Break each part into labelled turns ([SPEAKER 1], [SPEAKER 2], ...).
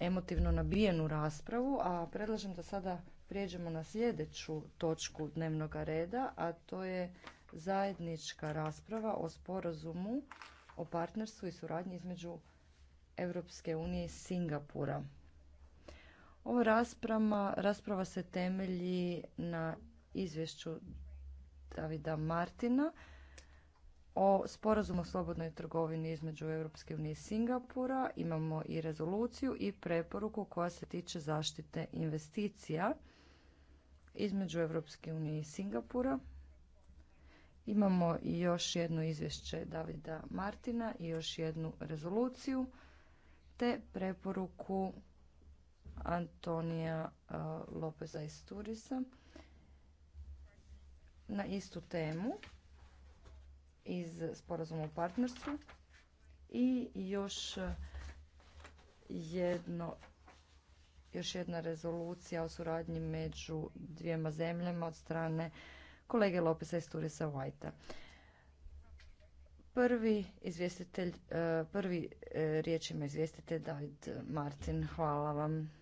[SPEAKER 1] emotivno nabijenu raspravu, a predlažem da sada prijeđemo na sljedeću točku dnevnog reda, a to je zajednička rasprava o sporazumu o partnerstvu i suradnji između Europske unije i Singapura. Ova rasprava, rasprava se temelji na izvješću Davida Martina o sporazumu o slobodnoj trgovini između Europske unije i Singapura. Imamo i rezoluciju i preporuku koja se tiče zaštite investicija između Europske unije i Singapura. Imamo i još jedno izvješće Davida Martina i još jednu rezoluciju te preporuku Antonija Lopeza iz Turisa na istu temu iz sporazuma o partnerstvu i još jedno još jedna rezolucija o suradnji među dvijema zemljama od strane kolege Lopesa i Sturisa Whitea. Prvi izvjestitelj, eh, prvi eh, riječ ima izvjestitelj David Martin. Hvala vam.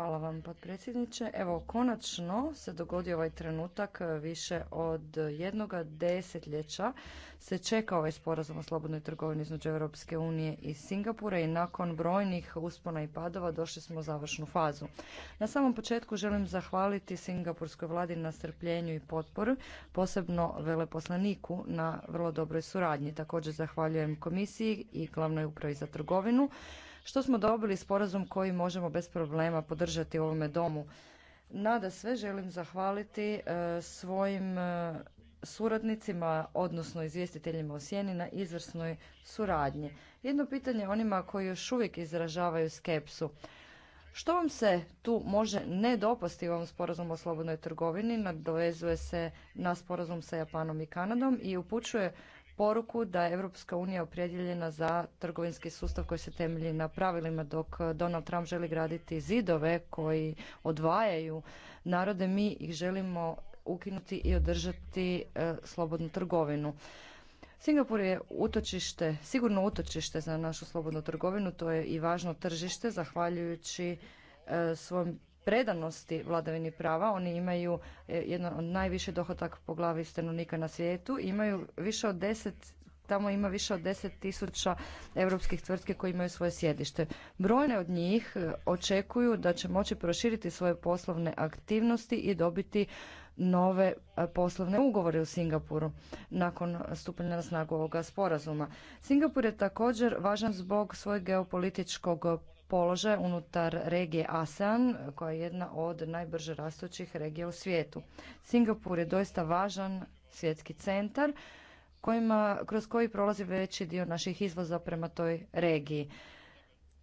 [SPEAKER 1] Hvala vam, potpredsjedniče. Evo, konačno se dogodio ovaj trenutak e, više od jednoga desetljeća. Se čeka ovaj sporazum o slobodnoj trgovini između Europske unije i Singapura i nakon brojnih uspona i padova došli smo u završnu fazu. Na samom početku želim zahvaliti Singapurskoj vladi na strpljenju i potporu, posebno veleposlaniku na vrlo dobroj suradnji. Također zahvaljujem komisiji i glavnoj upravi za trgovinu što smo dobili sporazum koji možemo bez problema podržati u ovome domu. Nada sve želim zahvaliti e, svojim e, suradnicima, odnosno izvjestiteljima o sjeni na izvrsnoj suradnji. Jedno pitanje onima koji još uvijek izražavaju skepsu. Što vam se tu može ne dopasti u ovom sporazumu o slobodnoj trgovini, nadovezuje se na sporazum sa Japanom i Kanadom i upućuje poruku da je Europska unija opredjeljena za trgovinski sustav koji se temelji na pravilima dok Donald Trump želi graditi zidove koji odvajaju narode mi ih želimo ukinuti i održati e, slobodnu trgovinu. Singapur je utočište, sigurno utočište za našu slobodnu trgovinu, to je i važno tržište zahvaljujući e, svom predanosti vladavini prava. Oni imaju e, jedan od najviše dohodak po glavi stanovnika na svijetu. Imaju više od deset tamo ima više od deset tisuća europskih tvrtke koji imaju svoje sjedište. Brojne od njih e, očekuju da će moći proširiti svoje poslovne aktivnosti i dobiti nove e, poslovne ugovore u Singapuru nakon stupanja na snagu ovoga sporazuma. Singapur je također važan zbog svojeg geopolitičkog položaj unutar regije ASEAN, koja je jedna od najbrže rastućih regija u svijetu. Singapur je doista važan svjetski centar kojima, kroz koji prolazi veći dio naših izvoza prema toj regiji.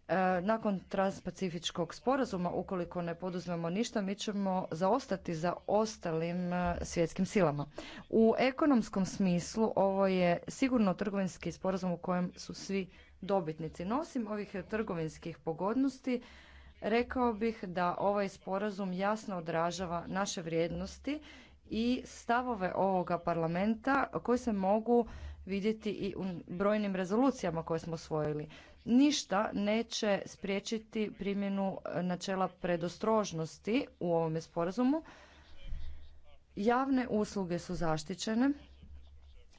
[SPEAKER 1] E, nakon transpacifičkog sporazuma, ukoliko ne poduzmemo ništa, mi ćemo zaostati za ostalim e, svjetskim silama. U ekonomskom smislu ovo je sigurno trgovinski sporazum u kojem su svi dobitnici. No, osim ovih trgovinskih pogodnosti, rekao bih da ovaj sporazum jasno odražava naše vrijednosti i stavove ovoga parlamenta koji se mogu vidjeti i u brojnim rezolucijama koje smo osvojili. Ništa neće spriječiti primjenu načela predostrožnosti u ovome sporazumu. Javne usluge su zaštićene.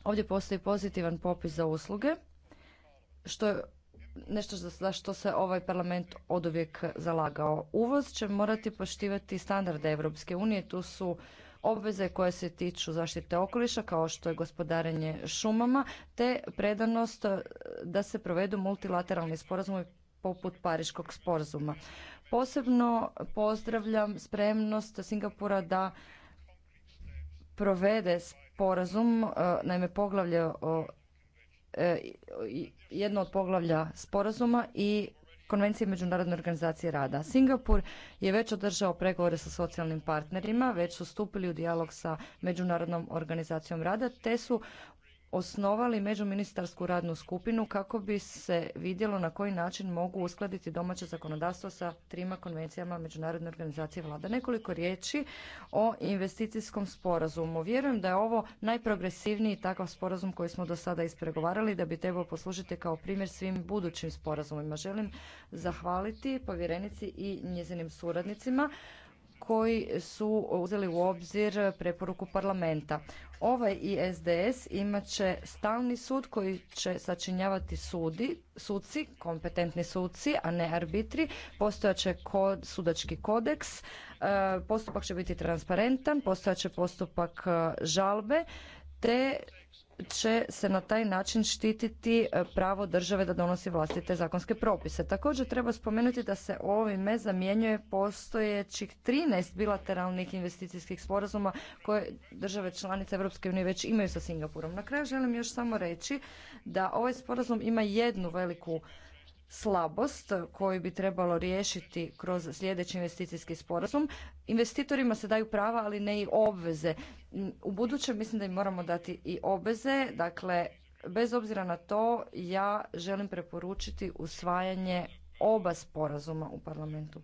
[SPEAKER 1] Ovdje postoji pozitivan popis za usluge što je nešto za što se ovaj parlament oduvijek zalagao. Uvoz će morati poštivati standarde Europske unije, tu su obveze koje se tiču zaštite okoliša kao što je gospodarenje šumama te predanost da se provedu multilateralni sporazumi poput Pariškog sporazuma. Posebno pozdravljam spremnost Singapura da provede sporazum, e, naime poglavlje o E, jedno od poglavlja sporazuma i Konvencije Međunarodne organizacije rada. Singapur je već održao pregovore sa socijalnim partnerima, već su stupili u dijalog sa Međunarodnom organizacijom rada, te su osnovali međuministarsku radnu skupinu kako bi se vidjelo na koji način mogu uskladiti domaće zakonodavstvo sa trima konvencijama Međunarodne organizacije vlada. Nekoliko riječi o investicijskom sporazumu. Vjerujem da je ovo najprogresivniji takav sporazum koji smo do sada ispregovarali da bi trebao poslužiti kao primjer svim budućim sporazumima. Želim zahvaliti povjerenici i njezinim suradnicima koji su uzeli u obzir preporuku parlamenta. Ovaj ISDS imat će stalni sud koji će sačinjavati sudi, suci, kompetentni suci, a ne arbitri. Postojaće kod, sudački kodeks, e, postupak će biti transparentan, postojaće postupak e, žalbe, te će se na taj način štititi e, pravo države da donosi vlastite zakonske propise. Također treba spomenuti da se ovime zamjenjuje postojećih 13 bilateralnih investicijskih sporazuma koje države članice Europske unije već imaju sa Singapurom. Na kraju želim još samo reći da ovaj sporazum ima jednu veliku slabost koju bi trebalo riješiti kroz sljedeći investicijski sporazum. Investitorima se daju prava, ali ne i obveze. Mm, u budućem mislim da im moramo dati i obveze, dakle bez obzira na to ja želim preporučiti usvajanje oba sporazuma u parlamentu.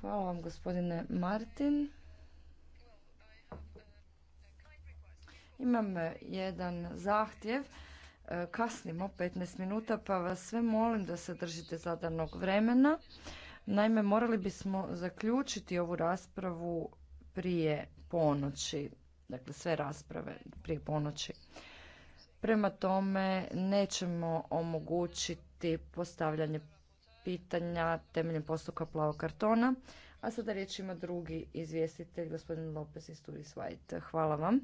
[SPEAKER 1] Hvala vam gospodine Martin. Imam eh, jedan zahtjev. E, kasnimo 15 minuta, pa vas sve molim da se držite zadanog vremena. Naime, morali bismo zaključiti ovu raspravu prije ponoći, dakle sve rasprave prije ponoći. Prema tome, nećemo omogućiti postavljanje pitanja temeljem postupka plavog kartona. A sada riječ ima drugi izvjestitelj, gospodin Lopez iz Turis White. Hvala vam.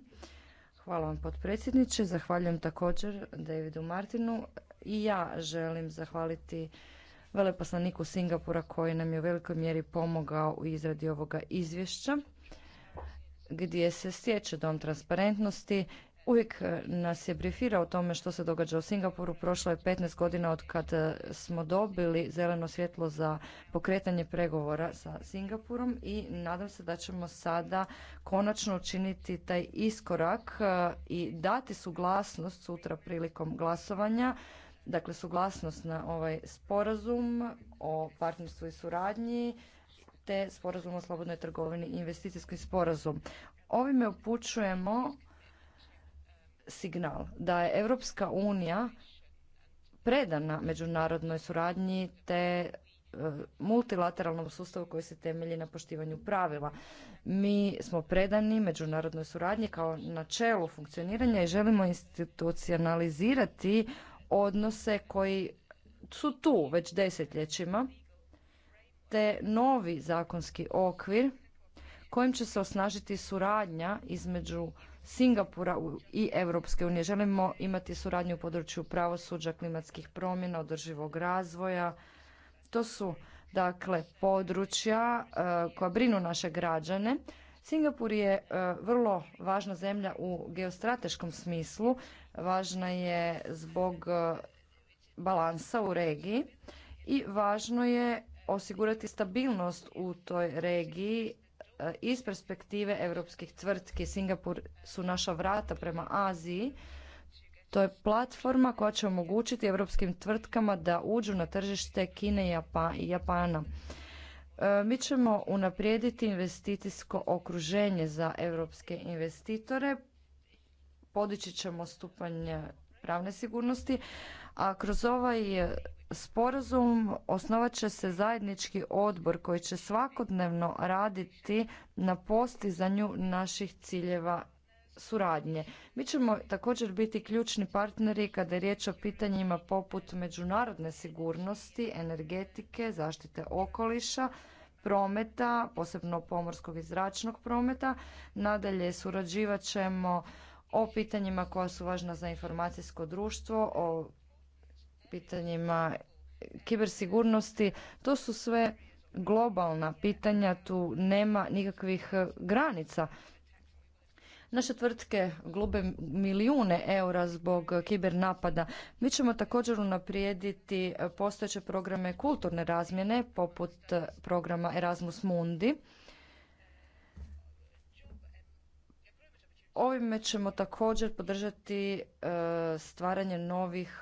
[SPEAKER 1] Hvala vam potpredsjedniče. Zahvaljujem također Davidu Martinu. I ja želim zahvaliti veleposlaniku Singapura koji nam je u velikoj mjeri pomogao u izradi ovoga izvješća gdje se stječe dom transparentnosti Uvijek e, nas je brifirao o tome što se događa u Singapuru. Prošlo je 15 godina od kad e, smo dobili zeleno svjetlo za pokretanje pregovora sa Singapurom i nadam se da ćemo sada konačno učiniti taj iskorak e, i dati suglasnost sutra prilikom glasovanja dakle suglasnost na ovaj sporazum o partnerstvu i suradnji te sporazum o slobodnoj trgovini i investicijski sporazum. Ovime upućujemo signal da je Europska unija predana međunarodnoj suradnji te e, multilateralnom sustavu koji se temelji na poštivanju pravila. Mi smo predani međunarodnoj suradnji kao načelu funkcioniranja i želimo institucionalizirati odnose koji su tu već desetljećima, te novi zakonski okvir kojim će se osnažiti suradnja između Singapura i Europske unije. Želimo imati suradnju u području pravosuđa, klimatskih promjena, održivog razvoja. To su dakle područja e, koja brinu naše građane. Singapur je e, vrlo važna zemlja u geostrateškom smislu. Važna je zbog e, balansa u regiji i važno je osigurati stabilnost u toj regiji Eh, iz perspektive europskih tvrtki Singapur su naša vrata prema Aziji. To je platforma koja će omogućiti europskim tvrtkama da uđu na tržište Kine i Japana. Eh, mi ćemo unaprijediti investicijsko okruženje za europske investitore, podići ćemo stupanje pravne sigurnosti, a kroz ovaj sporazum osnovat će se zajednički odbor koji će svakodnevno raditi na postizanju naših ciljeva suradnje. Mi ćemo također biti ključni partneri kada je riječ o pitanjima poput međunarodne sigurnosti, energetike, zaštite okoliša, prometa, posebno pomorskog i zračnog prometa. Nadalje surađivat ćemo o pitanjima koja su važna za informacijsko društvo, o pitanjima kibersigurnosti. To su sve globalna pitanja, tu nema nikakvih eh, granica. Naše tvrtke glube milijune eura zbog kibernapada. napada. Mi ćemo također unaprijediti postojeće programe kulturne razmjene poput eh, programa Erasmus Mundi. Ovime ćemo također podržati eh, stvaranje novih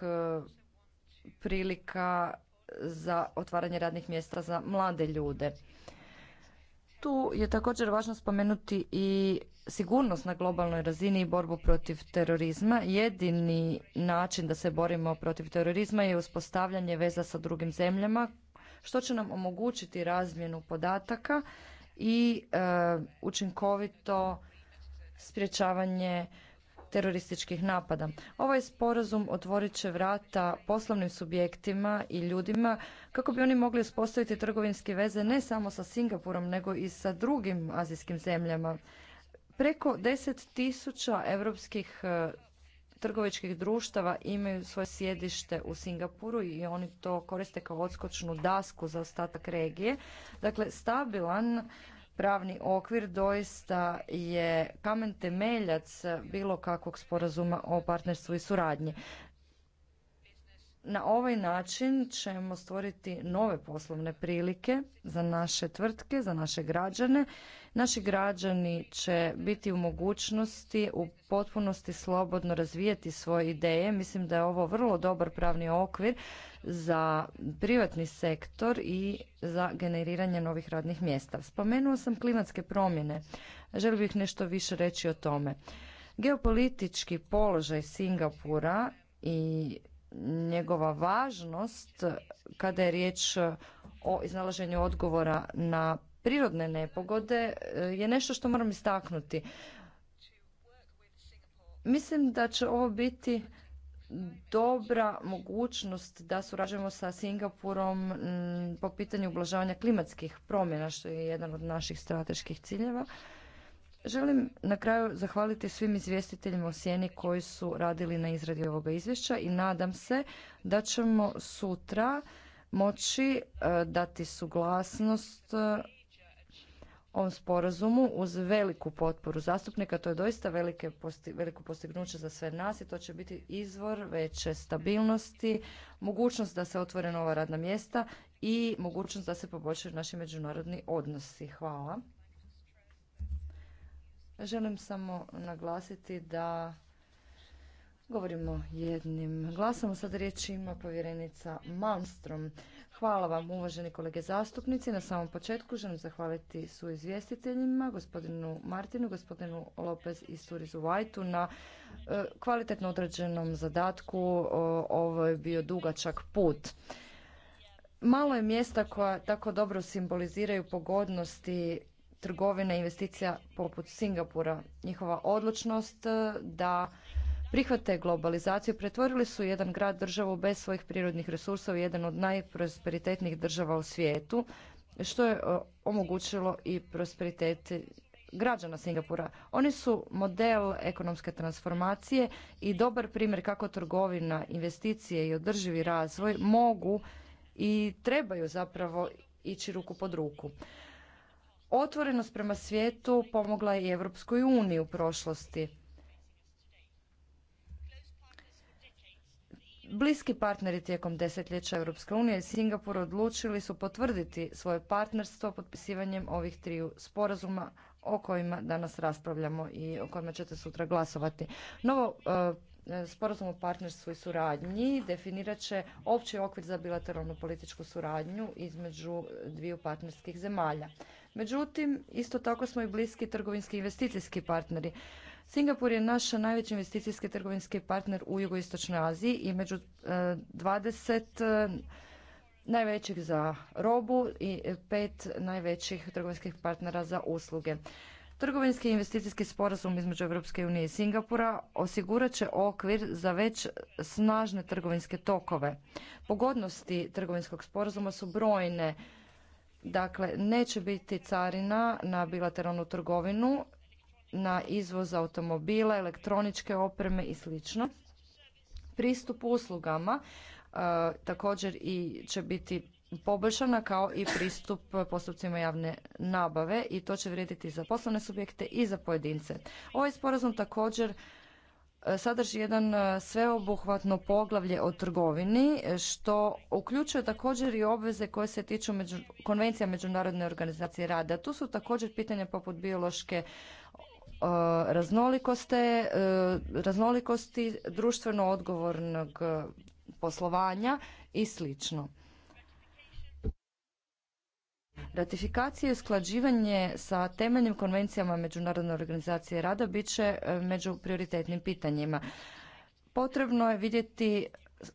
[SPEAKER 1] prilika za otvaranje radnih mjesta za mlade ljude. Tu je također važno spomenuti i sigurnost na globalnoj razini i borbu protiv terorizma. Jedini način da se borimo protiv terorizma je uspostavljanje veza sa drugim zemljama, što će nam omogućiti razmjenu podataka i e, učinkovito sprječavanje terorističkih napada. Ovaj sporazum otvorit će vrata poslovnim subjektima i ljudima kako bi oni mogli uspostaviti trgovinske veze ne samo sa Singapurom nego i sa drugim azijskim zemljama. Preko 10.000 tisuća europskih e, trgovačkih društava imaju svoje sjedište u Singapuru i oni to koriste kao odskočnu dasku za ostatak regije. Dakle, stabilan pravni okvir doista je kamen temeljac bilo kakvog sporazuma o partnerstvu i suradnji. Na ovaj način ćemo stvoriti nove poslovne prilike za naše tvrtke, za naše građane. Naši građani će biti u mogućnosti u potpunosti slobodno razvijati svoje ideje. Mislim da je ovo vrlo dobar pravni okvir za privatni sektor i za generiranje novih radnih mjesta. Spomenuo sam klimatske promjene. Želio bih nešto više reći o tome. Geopolitički položaj Singapura i njegova važnost kada je riječ o iznalaženju odgovora na prirodne nepogode e, je nešto što moram istaknuti. Mislim da će ovo biti dobra mogućnost da surađujemo sa Singapurom po pitanju ublažavanja klimatskih promjena, što je jedan od naših strateških ciljeva. Želim na kraju zahvaliti svim izvjestiteljima u Sjeni koji su radili na izradi ovoga izvješća i nadam se da ćemo sutra moći e, dati suglasnost e, ovom sporazumu uz veliku potporu zastupnika. To je doista velike posti, veliko postignuće za sve nas i to će biti izvor veće stabilnosti, mogućnost da se otvore nova radna mjesta i mogućnost da se poboljšaju naši međunarodni odnosi. Hvala. Želim samo naglasiti da govorimo jednim glasom. sada riječ ima povjerenica Malmstrom. Hvala vam uvaženi kolege zastupnici. Na samom početku želim zahvaliti su izvjestiteljima, gospodinu Martinu, gospodinu Lopez i Surizu Vajtu na e, kvalitetno određenom zadatku. Ovo je bio dugačak put. Malo je mjesta koja tako dobro simboliziraju pogodnosti trgovina investicija poput Singapura. Njihova odlučnost eh, da prihvate globalizaciju pretvorili su jedan grad državu bez svojih prirodnih resursa u jedan od najprosperitetnijih država u svijetu, što je eh, omogućilo i prosperitet građana Singapura. Oni su model ekonomske transformacije i dobar primjer kako trgovina, investicije i održivi razvoj mogu i trebaju zapravo ići ruku pod ruku. Otvorenost prema svijetu pomogla je i Europskoj uniji u prošlosti. Bliski partneri tijekom desetljeća Europske unije i Singapur odlučili su potvrditi svoje partnerstvo potpisivanjem ovih triju sporazuma o kojima danas raspravljamo i o kojima ćete sutra glasovati. Novo e, sporazum o partnerstvu i suradnji definirat će opći okvir za bilateralnu političku suradnju između dviju partnerskih zemalja. Međutim, isto tako smo i bliski trgovinski investicijski partneri. Singapur je naš najveći investicijski trgovinski partner u jugoistočnoj Aziji i među 20 e, e, najvećih za robu i pet najvećih trgovinskih partnera za usluge. Trgovinski investicijski sporazum između Europske unije i Singapura osigurat će okvir za već snažne trgovinske tokove. Pogodnosti trgovinskog sporazuma su brojne Dakle, neće biti carina na bilateralnu trgovinu, na izvoz automobila, elektroničke opreme i sl. Pristup uslugama e, također i će biti poboljšana kao i pristup postupcima javne nabave i to će vrijediti za poslovne subjekte i za pojedince. Ovaj sporazum također sadrži jedan e, sveobuhvatno poglavlje o trgovini e, što uključuje također i obveze koje se tiču konvencija Međunarodne organizacije rada. Tu su također pitanja poput biološke e, raznolikosti, raznolikosti društveno odgovornog poslovanja i slično. Ratifikacija i usklađivanje sa temeljnim konvencijama Međunarodne organizacije rada bit će e, među prioritetnim pitanjima. Potrebno je vidjeti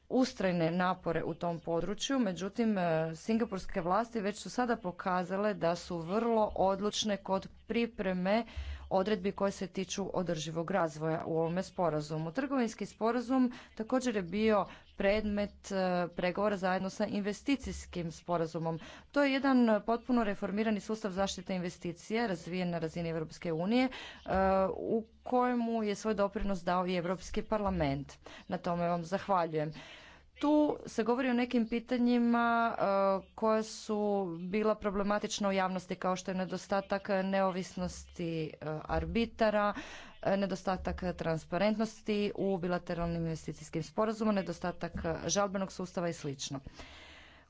[SPEAKER 1] ustrajne napore u tom području, međutim e, singapurske vlasti već su sada pokazale da su vrlo odlučne kod pripreme odredbi koje se tiču održivog razvoja u ovome sporazumu. Trgovinski sporazum također je bio predmet e, pregovora zajedno sa investicijskim sporazumom. To je jedan potpuno reformirani sustav zaštite investicije razvijen na razini Europske unije e, u kojemu je svoj doprinos dao i Europski parlament. Na tome vam zahvaljujem. Tu se govori o nekim pitanjima e, koja su bila problematična u javnosti kao što je nedostatak neovisnosti arbitara, nedostatak transparentnosti u bilateralnim investicijskim sporazumima, nedostatak žalbenog sustava i sl.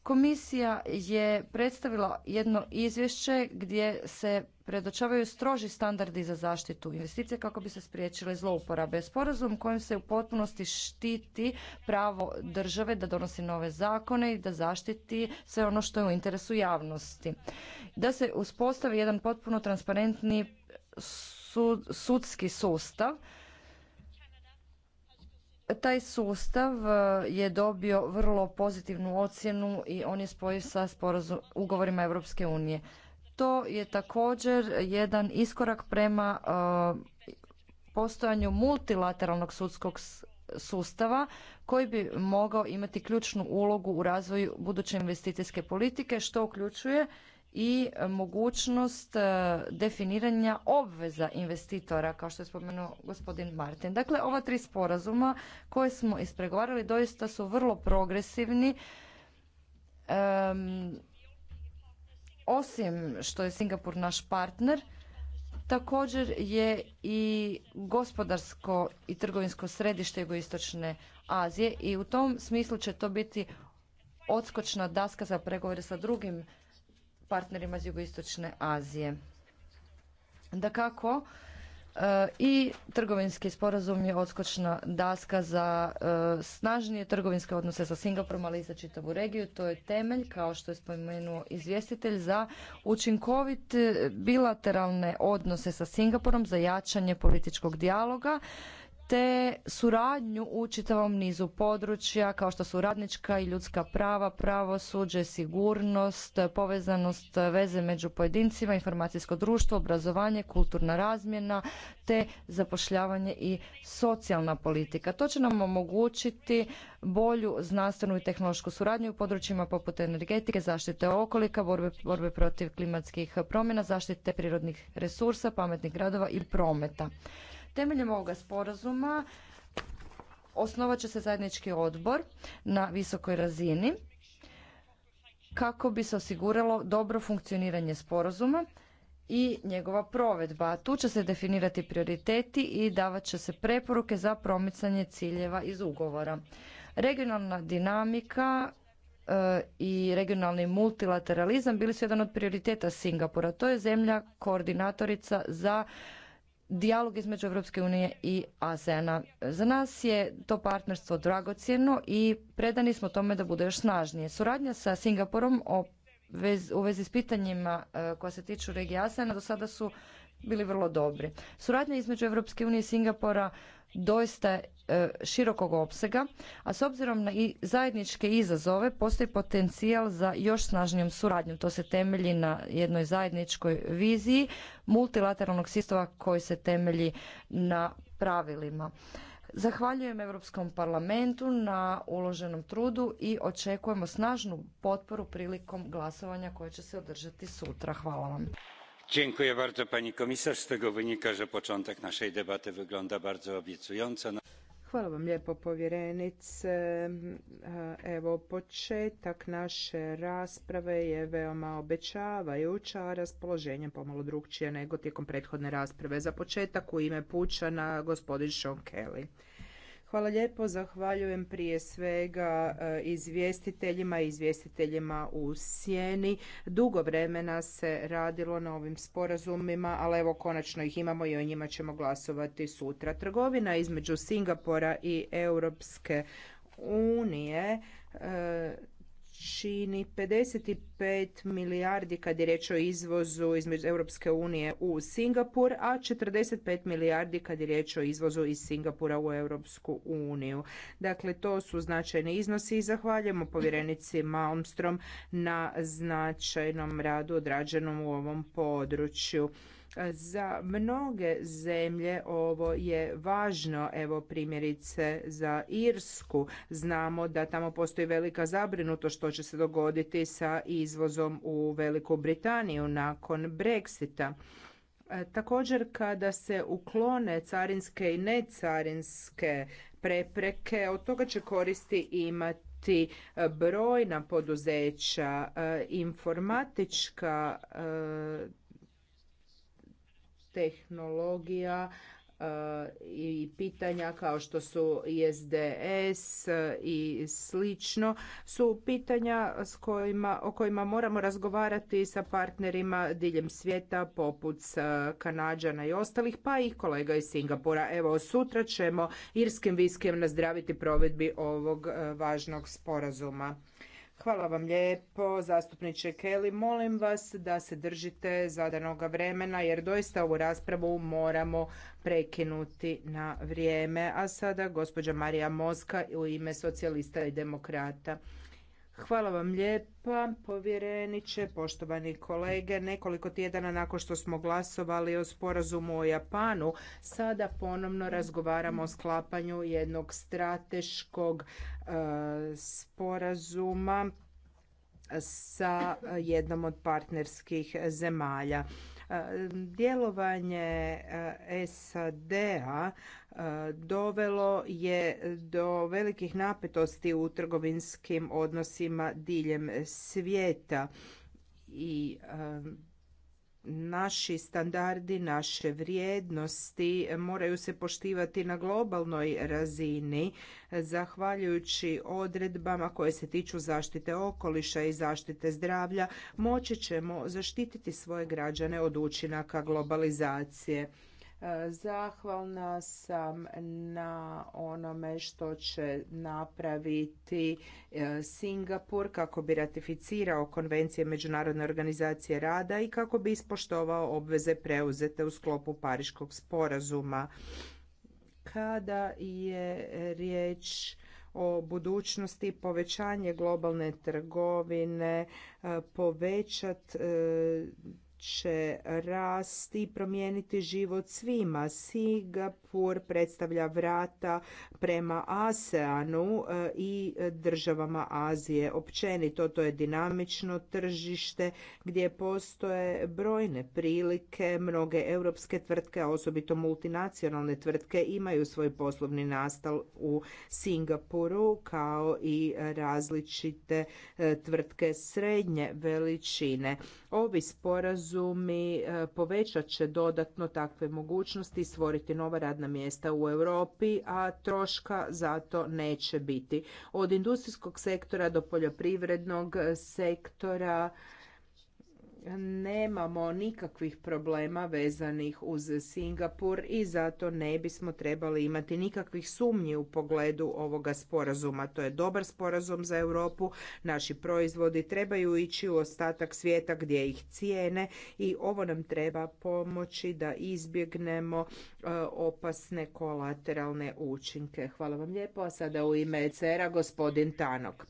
[SPEAKER 1] Komisija je predstavila jedno izvješće gdje se predočavaju stroži standardi za zaštitu investicije kako bi se spriječile zlouporabe. Sporazum kojim se u potpunosti štiti pravo države da donosi nove zakone i da zaštiti sve ono što je u interesu javnosti. Da se uspostavi jedan potpuno transparentni sudski sustav. Taj sustav e, je dobio vrlo pozitivnu ocjenu i on je spojio sa ugovorima Europske unije. To je također jedan iskorak prema e, postojanju multilateralnog sudskog sustava koji bi mogao imati ključnu ulogu u razvoju buduće investicijske politike što uključuje i mogućnost e, definiranja obveza investitora, kao što je spomenuo gospodin Martin. Dakle, ova tri sporazuma koje smo ispregovarali doista su vrlo progresivni. osim što je Singapur naš partner, također je i gospodarsko i trgovinsko središte jugoistočne Azije i u tom smislu će to biti odskočna daska za pregovore sa drugim partnerima iz jugoistočne Azije. Da kako, e, i trgovinski sporazum je odskočna daska za e, snažnije trgovinske odnose sa Singapurom, ali i za čitavu regiju. To je temelj, kao što je spomenuo izvjestitelj, za učinkovit bilateralne odnose sa Singapurom, za jačanje političkog dijaloga, te suradnju u čitavom nizu područja kao što su radnička i ljudska prava, pravosuđe, sigurnost, povezanost veze među pojedincima, informacijsko društvo, obrazovanje, kulturna razmjena te zapošljavanje i socijalna politika. To će nam omogućiti bolju znanstvenu i tehnološku suradnju u područjima poput energetike, zaštite okolika, borbe, borbe protiv klimatskih promjena, zaštite prirodnih resursa, pametnih gradova i prometa. Temeljem ovoga sporazuma osnovat će se zajednički odbor na visokoj razini kako bi se osiguralo dobro funkcioniranje sporazuma i njegova provedba. Tu će se definirati prioriteti i davat će se preporuke za promicanje ciljeva iz ugovora. Regionalna dinamika e, i regionalni multilateralizam bili su jedan od prioriteta Singapura. To je zemlja koordinatorica za dijalog između Europske unije i ASEAN-a. Za nas je to partnerstvo dragocjeno i predani smo tome da bude još snažnije. Suradnja sa Singapurom u vezi s pitanjima e, koja se tiču regije ASEANA do sada su bili vrlo dobri. Suradnja između Europske unije i Singapura doista e, širokog opsega, a s obzirom na i zajedničke izazove postoji potencijal za još snažnijom suradnjom. To se temelji na jednoj zajedničkoj viziji multilateralnog sistema koji se temelji na pravilima. Zahvaljujem Europskom parlamentu na uloženom trudu i očekujemo snažnu potporu prilikom glasovanja koje će se održati sutra. Hvala vam.
[SPEAKER 2] Dziękuję bardzo pani komisarz. Z tego wynika, że początek naszej debaty wygląda bardzo obiecująco.
[SPEAKER 3] Hvala vam lijepo povjerenice. Evo početak naše rasprave je veoma obećavajuća, a raspoloženje pomalo drukčije nego tijekom prethodne rasprave. Za početak u ime Pučana gospodin Sean Kelly. Hvala lijepo, zahvaljujem prije svega e, izvjestiteljima i izvjestiteljima u sjeni. Dugo vremena se radilo na ovim sporazumima, ali evo konačno ih imamo i o njima ćemo glasovati sutra. Trgovina između Singapura i Europske unije e, čini 55 milijardi kad je riječ o izvozu između Europske unije u Singapur, a 45 milijardi kad je riječ o izvozu iz Singapura u Europsku uniju. Dakle, to su značajni iznosi i zahvaljujemo povjerenici Malmstrom na značajnom radu odrađenom u ovom području. Za mnoge zemlje ovo je važno, evo primjerice za Irsku. Znamo da tamo postoji velika zabrinutost što će se dogoditi sa izvozom u Veliku Britaniju nakon Brexita. E, također kada se uklone carinske i necarinske prepreke, od toga će koristi imati e, brojna poduzeća, e, informatička tehnologija eh, i pitanja kao što su SDS eh, i slično su pitanja s kojima, o kojima moramo razgovarati sa partnerima diljem svijeta poput eh, Kanadžana i ostalih pa i kolega iz Singapura. Evo sutra ćemo irskim viskijem nazdraviti provedbi ovog važnog sporazuma. Hvala vam lijepo, zastupniče Kelly. Molim vas da se držite zadanoga vremena jer doista ovu raspravu moramo prekinuti na vrijeme. A sada gospođa Marija Moska u ime socijalista i demokrata. Hvala vam lijepa, povjereniče, poštovani kolege. Nekoliko tjedana nakon što smo glasovali o sporazumu o Japanu, sada ponovno razgovaramo o sklapanju jednog strateškog e, sporazuma sa jednom od partnerskih zemalja. Djelovanje SAD-a dovelo je do velikih napetosti u trgovinskim odnosima diljem svijeta i naši standardi, naše vrijednosti moraju se poštivati na globalnoj razini zahvaljujući odredbama koje se tiču zaštite okoliša i zaštite zdravlja moći ćemo zaštititi svoje građane od učinaka globalizacije. Zahvalna sam na onome što će napraviti e, Singapur kako bi ratificirao konvencije Međunarodne organizacije rada i kako bi ispoštovao obveze preuzete u sklopu Pariškog sporazuma. Kada je riječ o budućnosti povećanje globalne trgovine e, povećat e, će rasti i promijeniti život svima. SIGA Darfur predstavlja vrata prema ASEANu e, i državama Azije. Općenito to je dinamično tržište gdje postoje brojne prilike. Mnoge europske tvrtke, a osobito multinacionalne tvrtke imaju svoj poslovni nastal u Singapuru kao i različite e, tvrtke srednje veličine. Ovi sporazumi e, povećat će dodatno takve mogućnosti i stvoriti nova radna radna mjesta u Europi, a troška za to neće biti. Od industrijskog sektora do poljoprivrednog sektora nemamo nikakvih problema vezanih uz Singapur i zato ne bismo trebali imati nikakvih sumnji u pogledu ovoga sporazuma. To je dobar sporazum za Europu, naši proizvodi trebaju ići u ostatak svijeta gdje ih cijene i ovo nam treba pomoći da izbjegnemo e, opasne kolateralne učinke. Hvala vam lijepo, a sada u ime ECR-a gospodin Tanok.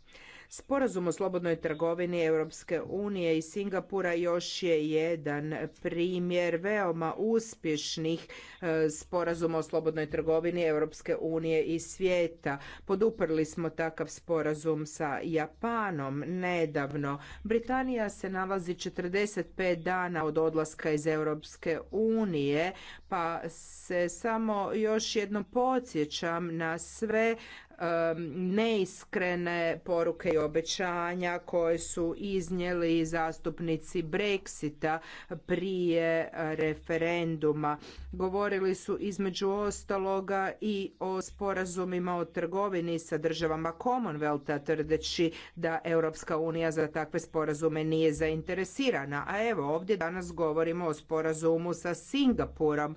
[SPEAKER 3] Sporazum o slobodnoj trgovini Europske unije i Singapura još je jedan primjer veoma uspješnih e, sporazuma o slobodnoj trgovini Europske unije i svijeta. Poduprli smo takav sporazum sa Japanom nedavno. Britanija se nalazi 45 dana od odlaska iz Europske unije, pa se samo još jednom podsjećam na sve neiskrene poruke i obećanja koje su iznijeli zastupnici Brexita prije referenduma. Govorili su između ostaloga i o sporazumima o trgovini sa državama Commonwealtha tvrdeći da Europska unija za takve sporazume nije zainteresirana. A evo ovdje danas govorimo o sporazumu sa Singapurom,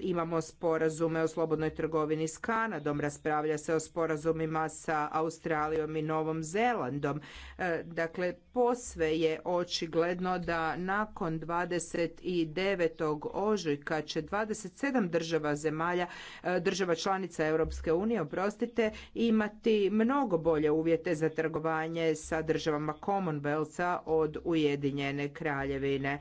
[SPEAKER 3] imamo sporazume o slobodnoj trgovini s Kanadom, raspravlja se o sporazumima sa Australijom i Novom Zelandom. E, dakle, posve je očigledno da nakon 29. ožujka će 27 država zemalja, e, država članica Europske unije, oprostite, imati mnogo bolje uvjete za trgovanje sa državama Commonwealtha od Ujedinjene kraljevine.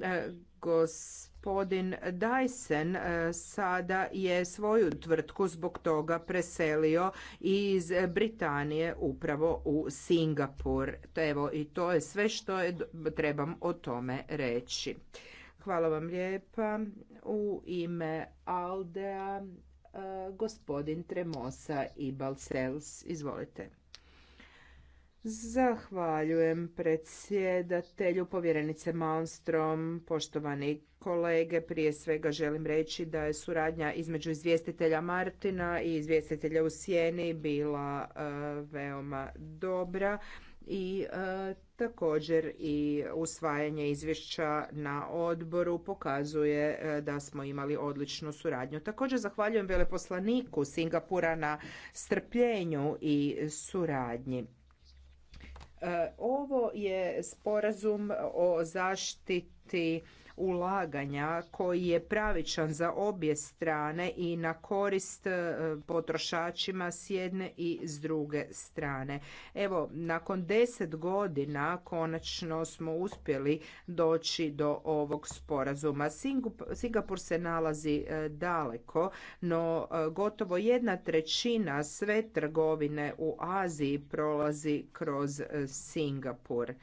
[SPEAKER 3] E, gos gospodin Dyson e, sada je svoju tvrtku zbog toga preselio iz Britanije upravo u Singapur. Evo i to je sve što je, trebam o tome reći. Hvala vam lijepa. U ime Aldea e, gospodin Tremosa i Balsels. Izvolite. Zahvaljujem predsjedatelju povjerenice Malmstrom, poštovani kolege. Prije svega želim reći da je suradnja između izvjestitelja Martina i izvjestitelja u Sjeni bila e, veoma dobra i e, također i usvajanje izvješća na odboru pokazuje e, da smo imali odličnu suradnju. Također zahvaljujem veleposlaniku Singapura na strpljenju i suradnji. E, ovo je sporazum o zaštiti ulaganja koji je pravičan za obje strane i na korist e, potrošačima s jedne i s druge strane. Evo, nakon deset godina konačno smo uspjeli doći do ovog sporazuma. Singapur se nalazi e, daleko, no e, gotovo jedna trećina sve trgovine u Aziji prolazi kroz Singapur.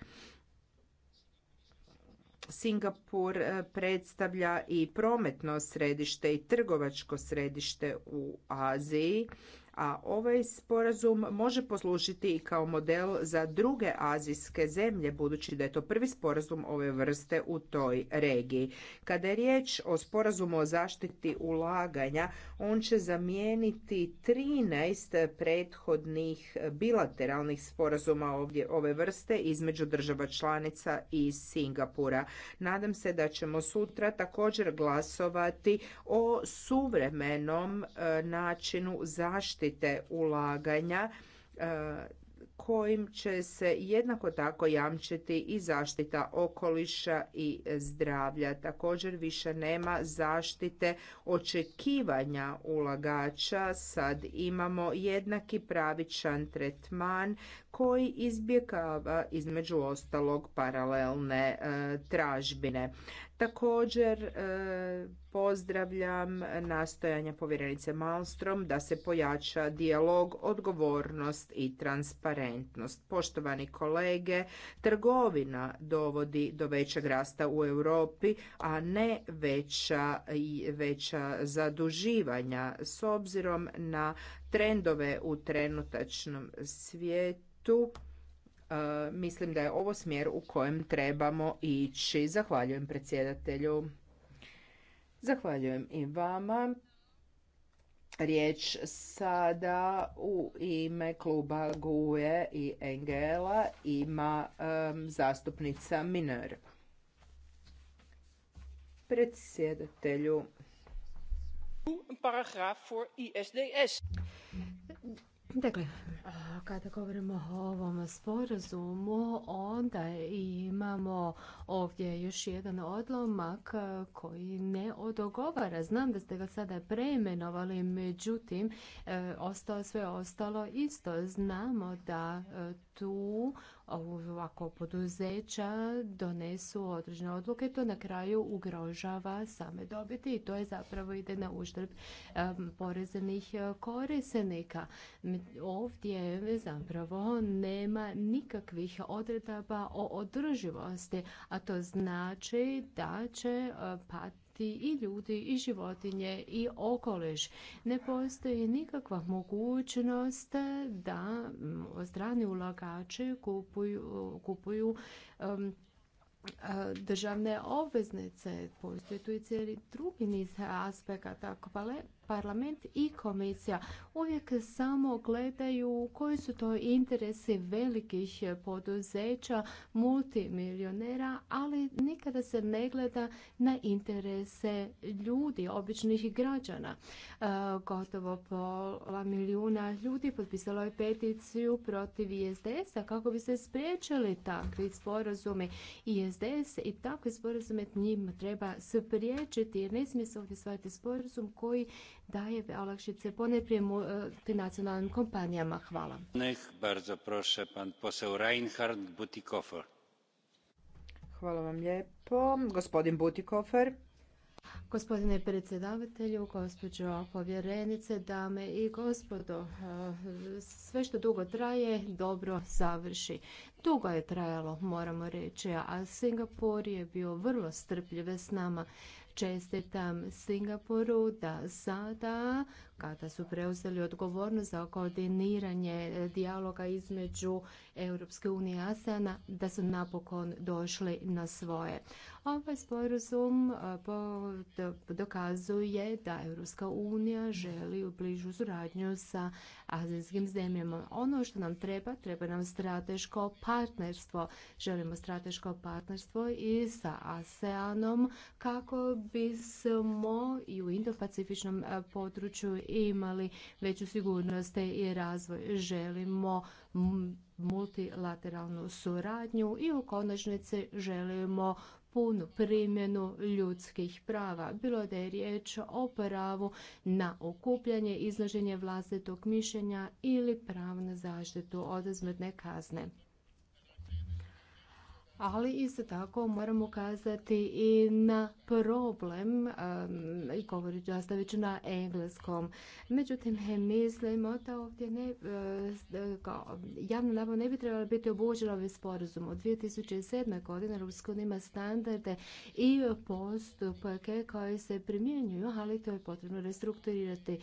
[SPEAKER 3] Singapur e, predstavlja i prometno središte i trgovačko središte u Aziji a ovaj sporazum može poslužiti i kao model za druge azijske zemlje budući da je to prvi sporazum ove vrste u toj regiji. Kada je riječ o sporazumu o zaštiti ulaganja, on će zamijeniti 13 prethodnih bilateralnih sporazuma ovdje ove vrste između država članica i Singapura. Nadam se da ćemo sutra također glasovati o suvremenom e, načinu zaštite vlastite ulaganja e, kojim će se jednako tako jamčiti i zaštita okoliša i zdravlja. Također više nema zaštite očekivanja ulagača, sad imamo jednaki pravičan tretman koji izbjegava između ostalog paralelne e, tražbine. Također e, pozdravljam nastojanja povjerenice Malmstrom da se pojača dijalog, odgovornost i transparentnost. Poštovani kolege, trgovina dovodi do većeg rasta u Europi, a ne veća, veća zaduživanja s obzirom na trendove u trenutačnom svijetu mislim da je ovo smjer u kojem trebamo ići. Zahvaljujem predsjedatelju. Zahvaljujem i vama. Riječ sada u ime kluba GUE i Engela ima zastupnica Miner. Predsjedatelju.
[SPEAKER 2] Paragraf ISDS.
[SPEAKER 4] Dakle, kada govorimo o ovom sporazumu, onda imamo ovdje još jedan odlomak koji ne odogovara. Znam da ste ga sada preimenovali, međutim, e, ostao sve ostalo isto. Znamo da e, tu ovako poduzeća donesu određene odluke, to na kraju ugrožava same dobiti i to je zapravo ide na uštrb poreznih korisnika. Ovdje zapravo nema nikakvih odredaba o održivosti, a to znači da će e, pat i ljudi i životinje i okoliš. Ne postoji nikakva mogućnost da strani ulagači kupuju, kupuju e, državne obveznice. Postoji tu i cijeli drugi niz aspekata. Pa parlament i komisija uvijek samo gledaju koji su to interesi velikih poduzeća, multimilionera, ali nikada se ne gleda na interese ljudi, običnih građana. E, gotovo pola milijuna ljudi potpisalo je peticiju protiv ISDS-a kako bi se spriječili takvi sporazumi ISDS i takve sporazume njima treba spriječiti jer ne smije se ovdje shvatiti sporazum koji daje olakšice ponajprije multinacionalnim
[SPEAKER 3] e, kompanijama. Hvala. vam lijepo. Gospodin Butikofer.
[SPEAKER 4] Gospodine predsjedavatelju, gospođo povjerenice, dame i gospodo, e, sve što dugo traje, dobro završi. Dugo je trajalo, moramo reći, a Singapur je bio vrlo strpljiv s nama. Čestitam Singapuru da sada kada su preuzeli odgovornost za koordiniranje e, dijaloga između Europske unije i ASEANA, da su napokon došli na svoje. Ovaj sporazum e, dokazuje da Europska unija želi u bližu suradnju sa azijskim zemljama. Ono što nam treba, treba nam strateško partnerstvo. Želimo strateško partnerstvo i sa ASEANom kako bismo i u Indopacifičnom pacifičnom e, području imali veću sigurnost i razvoj. Želimo multilateralnu suradnju i u konačnici želimo punu primjenu ljudskih prava. Bilo da je riječ o pravu na okupljanje, iznoženje vlastitog mišljenja ili pravo na zaštitu od kazne ali isto tako moramo ukazati i na problem i govorit ću već na engleskom. Međutim, mislimo da ovdje ne, kao, eh, javna nabava ne bi trebala biti obuđena ovim sporazum. Od 2007. godine Rusko ima standarde i postupke koje se primjenjuju, ali to je potrebno restrukturirati.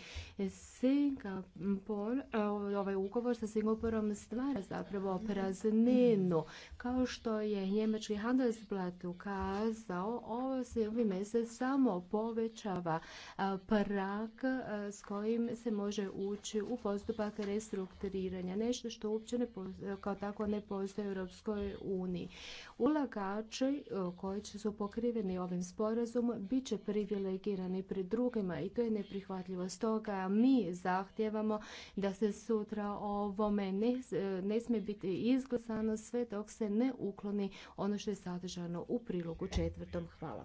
[SPEAKER 4] Singapur, eh, ovaj ugovor sa Singapurom stvara zapravo prazninu, kao što je njemački handelsblad ukazao, ovo se ovime se samo povećava prak s kojim se može ući u postupak restrukturiranja, nešto što uopće kao tako ne postoji u Europskoj uniji. Ulagači koji će su pokriveni ovim sporazumom bit će privilegirani pred drugima i to je neprihvatljivo. Stoga mi zahtijevamo da se sutra ovome ne, ne smije biti izglasano sve dok se ne ukloni ono što je sadržano u prilogu četvrtom. Hvala.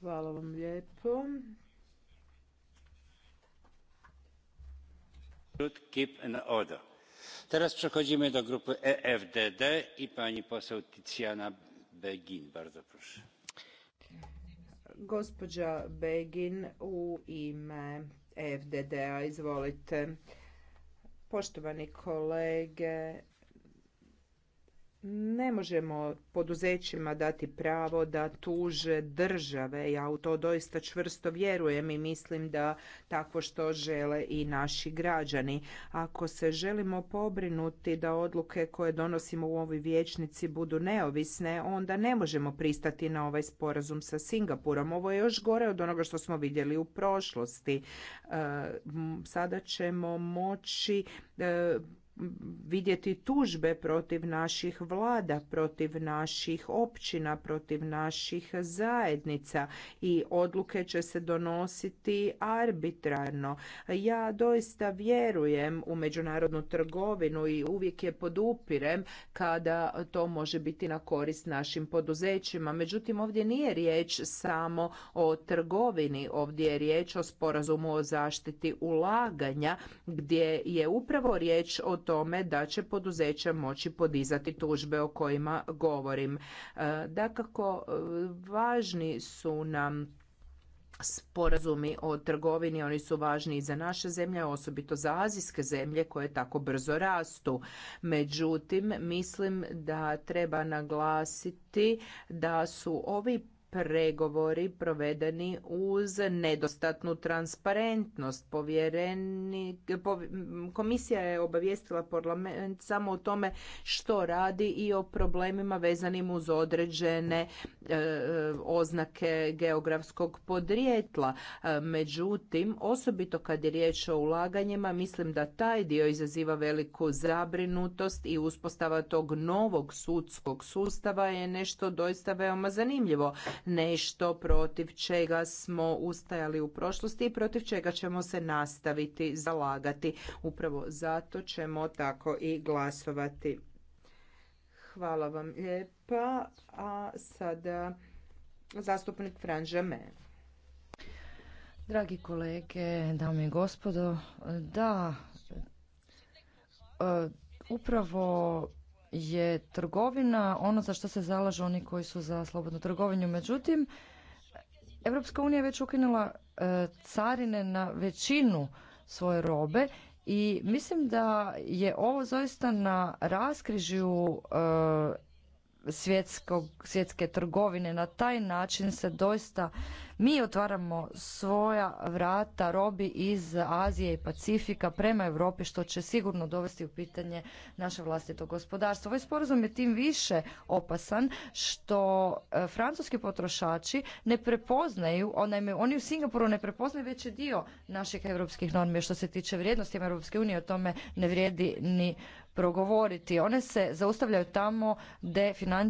[SPEAKER 3] Hvala vam lijepo.
[SPEAKER 2] Keep an order. Teraz przechodzimy do grupy EFDD i pani poseł Tiziana Begin. Bardzo proszę.
[SPEAKER 3] Gospođa Begin u ime EFDD-a, izvolite. Poštovani kolege, ne možemo poduzećima dati pravo da tuže države. Ja u to doista čvrsto vjerujem i mislim da tako što žele i naši građani. Ako se želimo pobrinuti da odluke koje donosimo u ovoj vijećnici budu neovisne, onda ne možemo pristati na ovaj sporazum sa Singapurom. Ovo je još gore od onoga što smo vidjeli u prošlosti. E, sada ćemo moći e, vidjeti tužbe protiv naših vlada, protiv naših općina, protiv naših zajednica i odluke će se donositi arbitrarno. Ja doista vjerujem u međunarodnu trgovinu i uvijek je podupirem kada to može biti na korist našim poduzećima. Međutim, ovdje nije riječ samo o trgovini, ovdje je riječ o sporazumu o zaštiti ulaganja gdje je upravo riječ o tome da će poduzeća moći podizati tužbe o kojima govorim. E, dakako, e, važni su nam sporazumi o trgovini, oni su važni i za naše zemlje, osobito za azijske zemlje koje tako brzo rastu. Međutim, mislim da treba naglasiti da su ovi pregovori provedeni uz nedostatnu transparentnost. Povjereni, komisija je obavijestila parlament samo o tome što radi i o problemima vezanim uz određene e, oznake geografskog podrijetla. E, međutim, osobito kad je riječ o ulaganjima, mislim da taj dio izaziva veliku zabrinutost i uspostava tog novog sudskog sustava je nešto doista veoma zanimljivo nešto protiv čega smo ustajali u prošlosti i protiv čega ćemo se nastaviti zalagati. Upravo zato ćemo tako i glasovati. Hvala vam lijepa. A sada zastupnik Me.
[SPEAKER 1] Dragi kolege, dame i gospodo, da, e, upravo je trgovina ono za što se zalažu oni koji su za slobodnu trgovinju. Međutim, Europska unija je već ukinula e, carine na većinu svoje robe i mislim da je ovo zaista na raskrižju e, svjetske trgovine. Na taj način se doista mi otvaramo svoja vrata robi iz Azije i Pacifika prema Europi što će sigurno dovesti u pitanje naše vlastito gospodarstvo. Ovaj sporazum je tim više opasan što e, francuski potrošači ne prepoznaju, oni u Singapuru ne prepoznaju veći dio naših europskih normi što se tiče vrijednosti Europske unije o tome ne vrijedi ni progovoriti. One se zaustavljaju tamo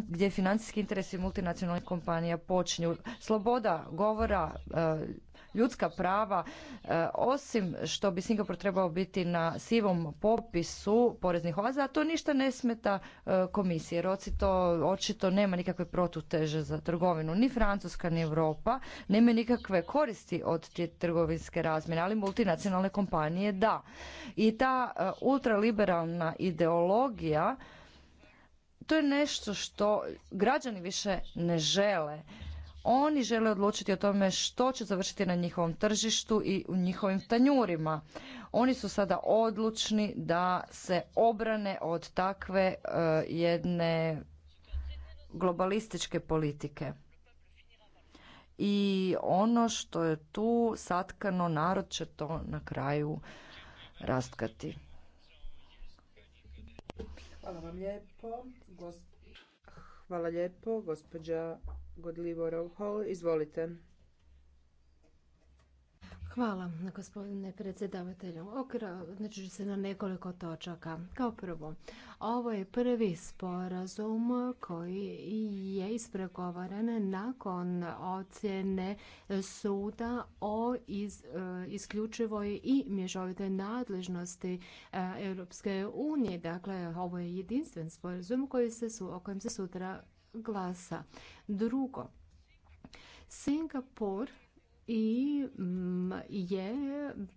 [SPEAKER 1] gdje financijski interesi multinacionalnih kompanija počinju. Sloboda govora govora, e, ljudska prava, e, osim što bi Singapur trebao biti na sivom popisu poreznih oaza, a to ništa ne smeta e, komisije, jer očito, očito nema nikakve protuteže za trgovinu. Ni Francuska, ni Europa nema nikakve koristi od trgovinske razmjene, ali multinacionalne kompanije da. I ta ultraliberalna ideologija to je nešto što građani više ne žele oni žele odlučiti o tome što će završiti na njihovom tržištu i u njihovim tanjurima. Oni su sada odlučni da se obrane od takve e, jedne globalističke politike. I ono što je tu satkano, narod će to na kraju rastkati.
[SPEAKER 3] Hvala Hvala gospođa Godljivo Rohol. Izvolite.
[SPEAKER 4] Hvala, gospodine predsjedavatelju. Znači se na nekoliko točaka. Kao prvo, ovo je prvi sporazum koji je ispregovaran nakon ocjene suda o e, isključivoj i mješovitoj nadležnosti e, Europske unije. Dakle, ovo je jedinstven sporazum koji se, o kojem se sutra glasa. Drugo, Singapur i mm, je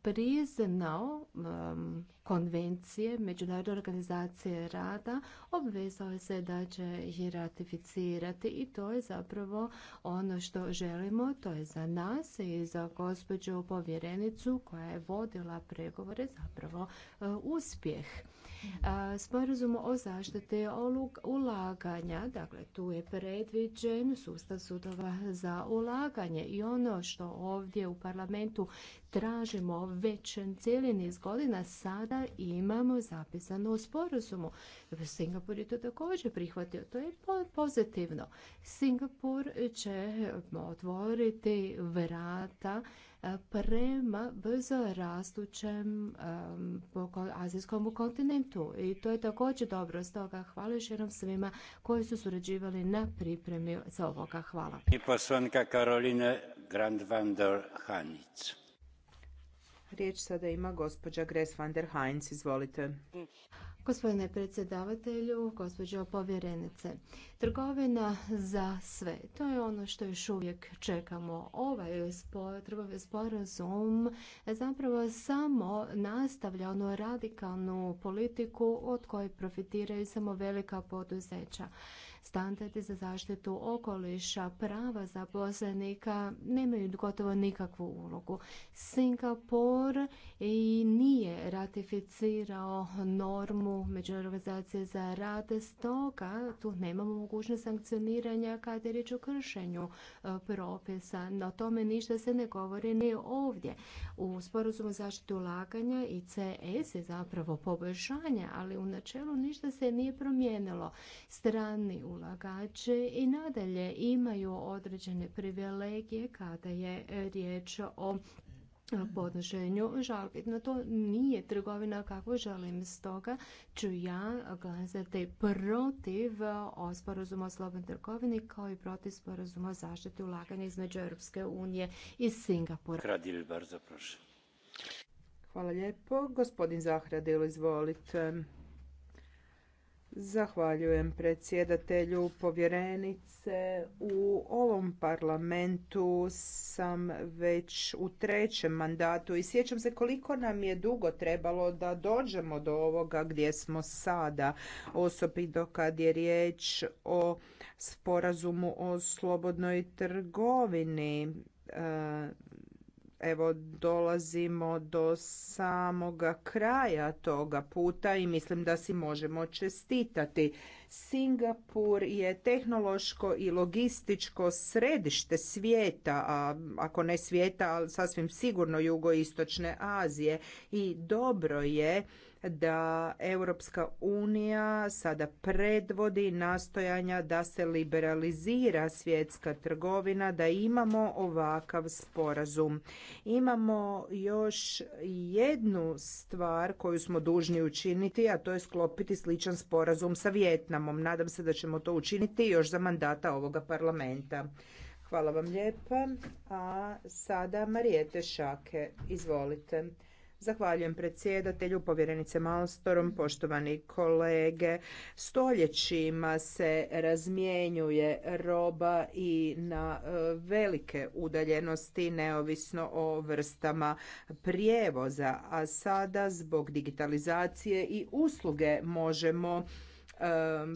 [SPEAKER 4] priznao mm, konvencije Međunarodne organizacije rada, obvezao se da će ih ratificirati i to je zapravo ono što želimo, to je za nas i za gospođu povjerenicu koja je vodila pregovore zapravo e, uspjeh. Sporazum o zaštite ulaganja, dakle tu je predviđen sustav sudova za ulaganje i ono što ovdje u parlamentu tražimo već cijeli niz godina, sada imamo zapisano u sporazumu. Singapur je to također prihvatio, to je pozitivno. Singapur će otvoriti vrata E, prema brzo rastućem azijskom kontinentu. I to je također dobro. Stoga hvala još jednom svima koji su surađivali na
[SPEAKER 3] pripremi za ovoga. Hvala.
[SPEAKER 2] I poslanka Karoline Grandvandor Hanic.
[SPEAKER 3] Riječ sada ima gospođa Gres van der Heinz. Izvolite.
[SPEAKER 4] Gospodine predsjedavatelju, gospođo povjerenice, trgovina za sve, to je ono što još uvijek čekamo. Ovaj trgovin sporazum zapravo samo nastavlja onu radikalnu politiku od koje profitiraju samo velika poduzeća standardi za zaštitu okoliša, prava zaposlenika nemaju gotovo nikakvu ulogu. Singapur i nije ratificirao normu Međunarodne za rade stoga tu nemamo mogućnost sankcioniranja kada je riječ o kršenju e, propisa. Na tome ništa se ne govori ni ovdje. U sporazumu zaštitu ulaganja i CS je zapravo poboljšanje, ali u načelu ništa se nije promijenilo. Strani ulagači i nadalje imaju određene privilegije kada je e, riječ o podnošenju žalbi. No to nije trgovina kako želim. Stoga ću ja glasati protiv e, o sporazumu o slobodnoj trgovini kao i protiv sporazuma o zaštiti ulaganja između Europske unije i Singapura.
[SPEAKER 2] Kradil,
[SPEAKER 3] Hvala lijepo. Gospodin Zahradil, izvolite. Zahvaljujem predsjedatelju povjerenice. U ovom parlamentu sam već u trećem mandatu i sjećam se koliko nam je dugo trebalo da dođemo do ovoga gdje smo sada, osobito kad je riječ o sporazumu o slobodnoj trgovini e, Evo dolazimo do samoga kraja toga puta i mislim da si možemo čestitati. Singapur je tehnološko i logističko središte svijeta, a ako ne svijeta, ali sasvim sigurno jugoistočne Azije i dobro je da Europska unija sada predvodi nastojanja da se liberalizira svjetska trgovina, da imamo ovakav sporazum. Imamo još jednu stvar koju smo dužni učiniti, a to je sklopiti sličan sporazum sa Vjetnamom. Nadam se da ćemo to učiniti još za mandata ovoga parlamenta. Hvala vam lijepa. A sada Marijete Šake, izvolite. Zahvaljujem predsjedatelju, povjerenice Malstorom, poštovani kolege. Stoljećima se razmjenjuje roba i na e, velike udaljenosti neovisno o vrstama prijevoza, a sada zbog digitalizacije i usluge možemo e,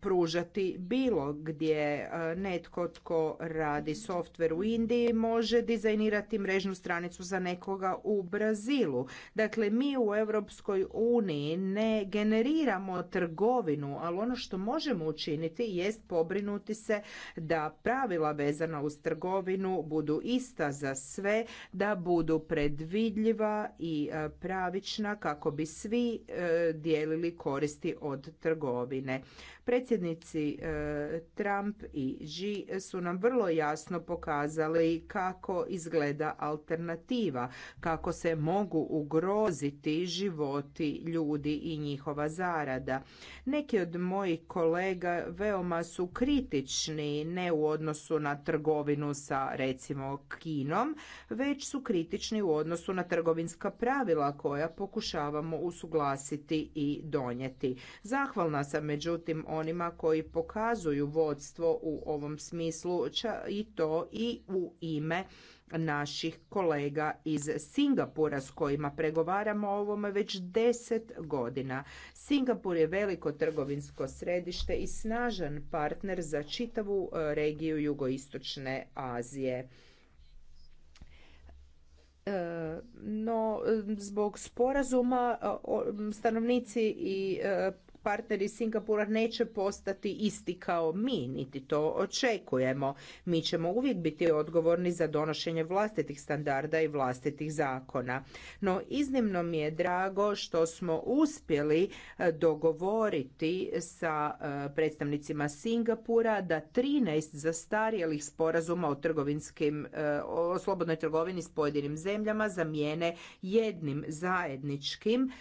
[SPEAKER 3] pružati bilo gdje. E, netko tko radi softver u Indiji može dizajnirati mrežnu stranicu za nekoga u Brazilu. Dakle, mi u Europskoj uniji ne generiramo trgovinu, ali ono što možemo učiniti jest pobrinuti se da pravila vezana uz trgovinu budu ista za sve, da budu predvidljiva i e, pravična kako bi svi e, dijelili koristi od trgovine. Predsjednici e, Trump i Xi su nam vrlo jasno pokazali kako izgleda alternativa, kako se mogu ugroziti životi ljudi i njihova zarada. Neki od mojih kolega veoma su kritični ne u odnosu na trgovinu sa recimo Kinom, već su kritični u odnosu na trgovinska pravila koja pokušavamo usuglasiti i donijeti. Zahvalna sam međutim onima koji pokazuju vodstvo u ovom smislu i to i u ime naših kolega iz Singapura s kojima pregovaramo o ovome već deset godina. Singapur je veliko trgovinsko središte i snažan partner za čitavu e, regiju jugoistočne Azije. E, no, e, zbog sporazuma stanovnici i partneri Singapura neće postati isti kao mi, niti to očekujemo. Mi ćemo uvijek biti odgovorni za donošenje vlastitih standarda i vlastitih zakona. No iznimno mi je drago što smo uspjeli e, dogovoriti sa e, predstavnicima Singapura da 13 zastarijelih sporazuma o trgovinskim e, o slobodnoj trgovini s pojedinim zemljama zamijene jednim zajedničkim.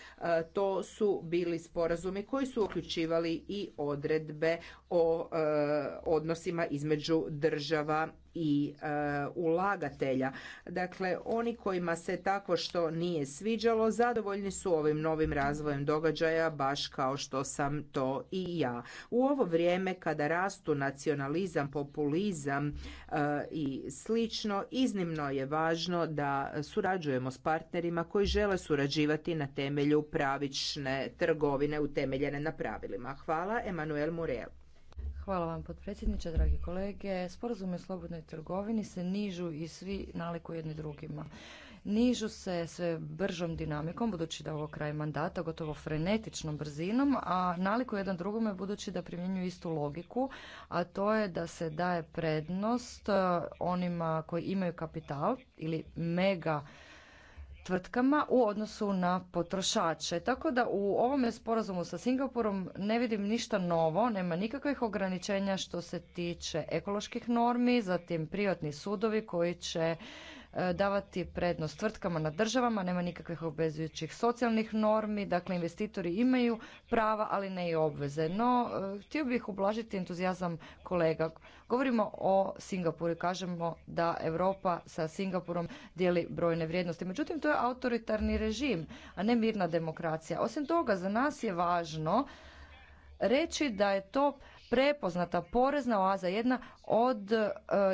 [SPEAKER 3] To su bili sporazumi koji su su uključivali i odredbe o e, odnosima između država i e, ulagatelja. Dakle, oni kojima se tako što nije sviđalo, zadovoljni su ovim novim razvojem događaja, baš kao što sam to i ja. U ovo vrijeme kada rastu nacionalizam, populizam e, i slično, iznimno je važno da surađujemo s partnerima koji žele surađivati na temelju pravične trgovine utemeljene na pravilima. Hvala, Emanuel Murel.
[SPEAKER 1] Hvala vam potpredsjedniče, dragi kolege. Sporazume o slobodnoj trgovini se nižu i svi naliku jedni drugima. Nižu se sve bržom dinamikom, budući da je ovo kraj mandata, gotovo frenetičnom brzinom, a naliku jedan drugome budući da primjenjuju istu logiku, a to je da se daje prednost eh, onima koji imaju kapital ili mega tvrtkama u odnosu na potrošače. Tako da u ovom sporazumu sa Singapurom ne vidim ništa novo, nema nikakvih ograničenja što se tiče ekoloških normi, zatim privatni sudovi koji će E, davati prednost tvrtkama na državama, nema nikakvih obvezujućih socijalnih normi, dakle investitori imaju prava, ali ne i obveze. No, e, htio bih ublažiti entuzijazam kolega. Govorimo o Singapuru i kažemo da Europa sa Singapurom dijeli brojne vrijednosti. Međutim, to je autoritarni režim, a ne mirna demokracija. Osim toga, za nas je važno reći da je to prepoznata porezna oaza, jedna od, e,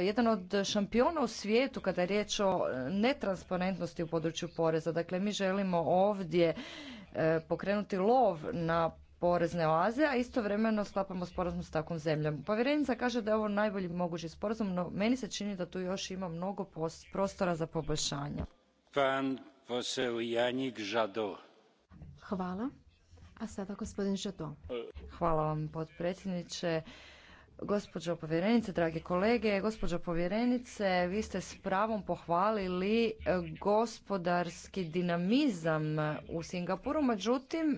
[SPEAKER 1] jedan od šampiona u svijetu kada je riječ o e, netransparentnosti u području poreza. Dakle, mi želimo ovdje e, pokrenuti lov na porezne oaze, a istovremeno sklapamo sporazum s takvom zemljom. Povjerenica kaže da je ovo najbolji mogući sporazum, no meni se čini da tu još ima mnogo prostora za poboljšanje.
[SPEAKER 2] Pan Janik Žado.
[SPEAKER 1] Hvala. A sada gospodin Žato. Hvala vam potpredsjedniče. Gospođo povjerenice, dragi kolege, gospođo povjerenice, vi ste s pravom pohvalili eh, gospodarski dinamizam u Singapuru, međutim,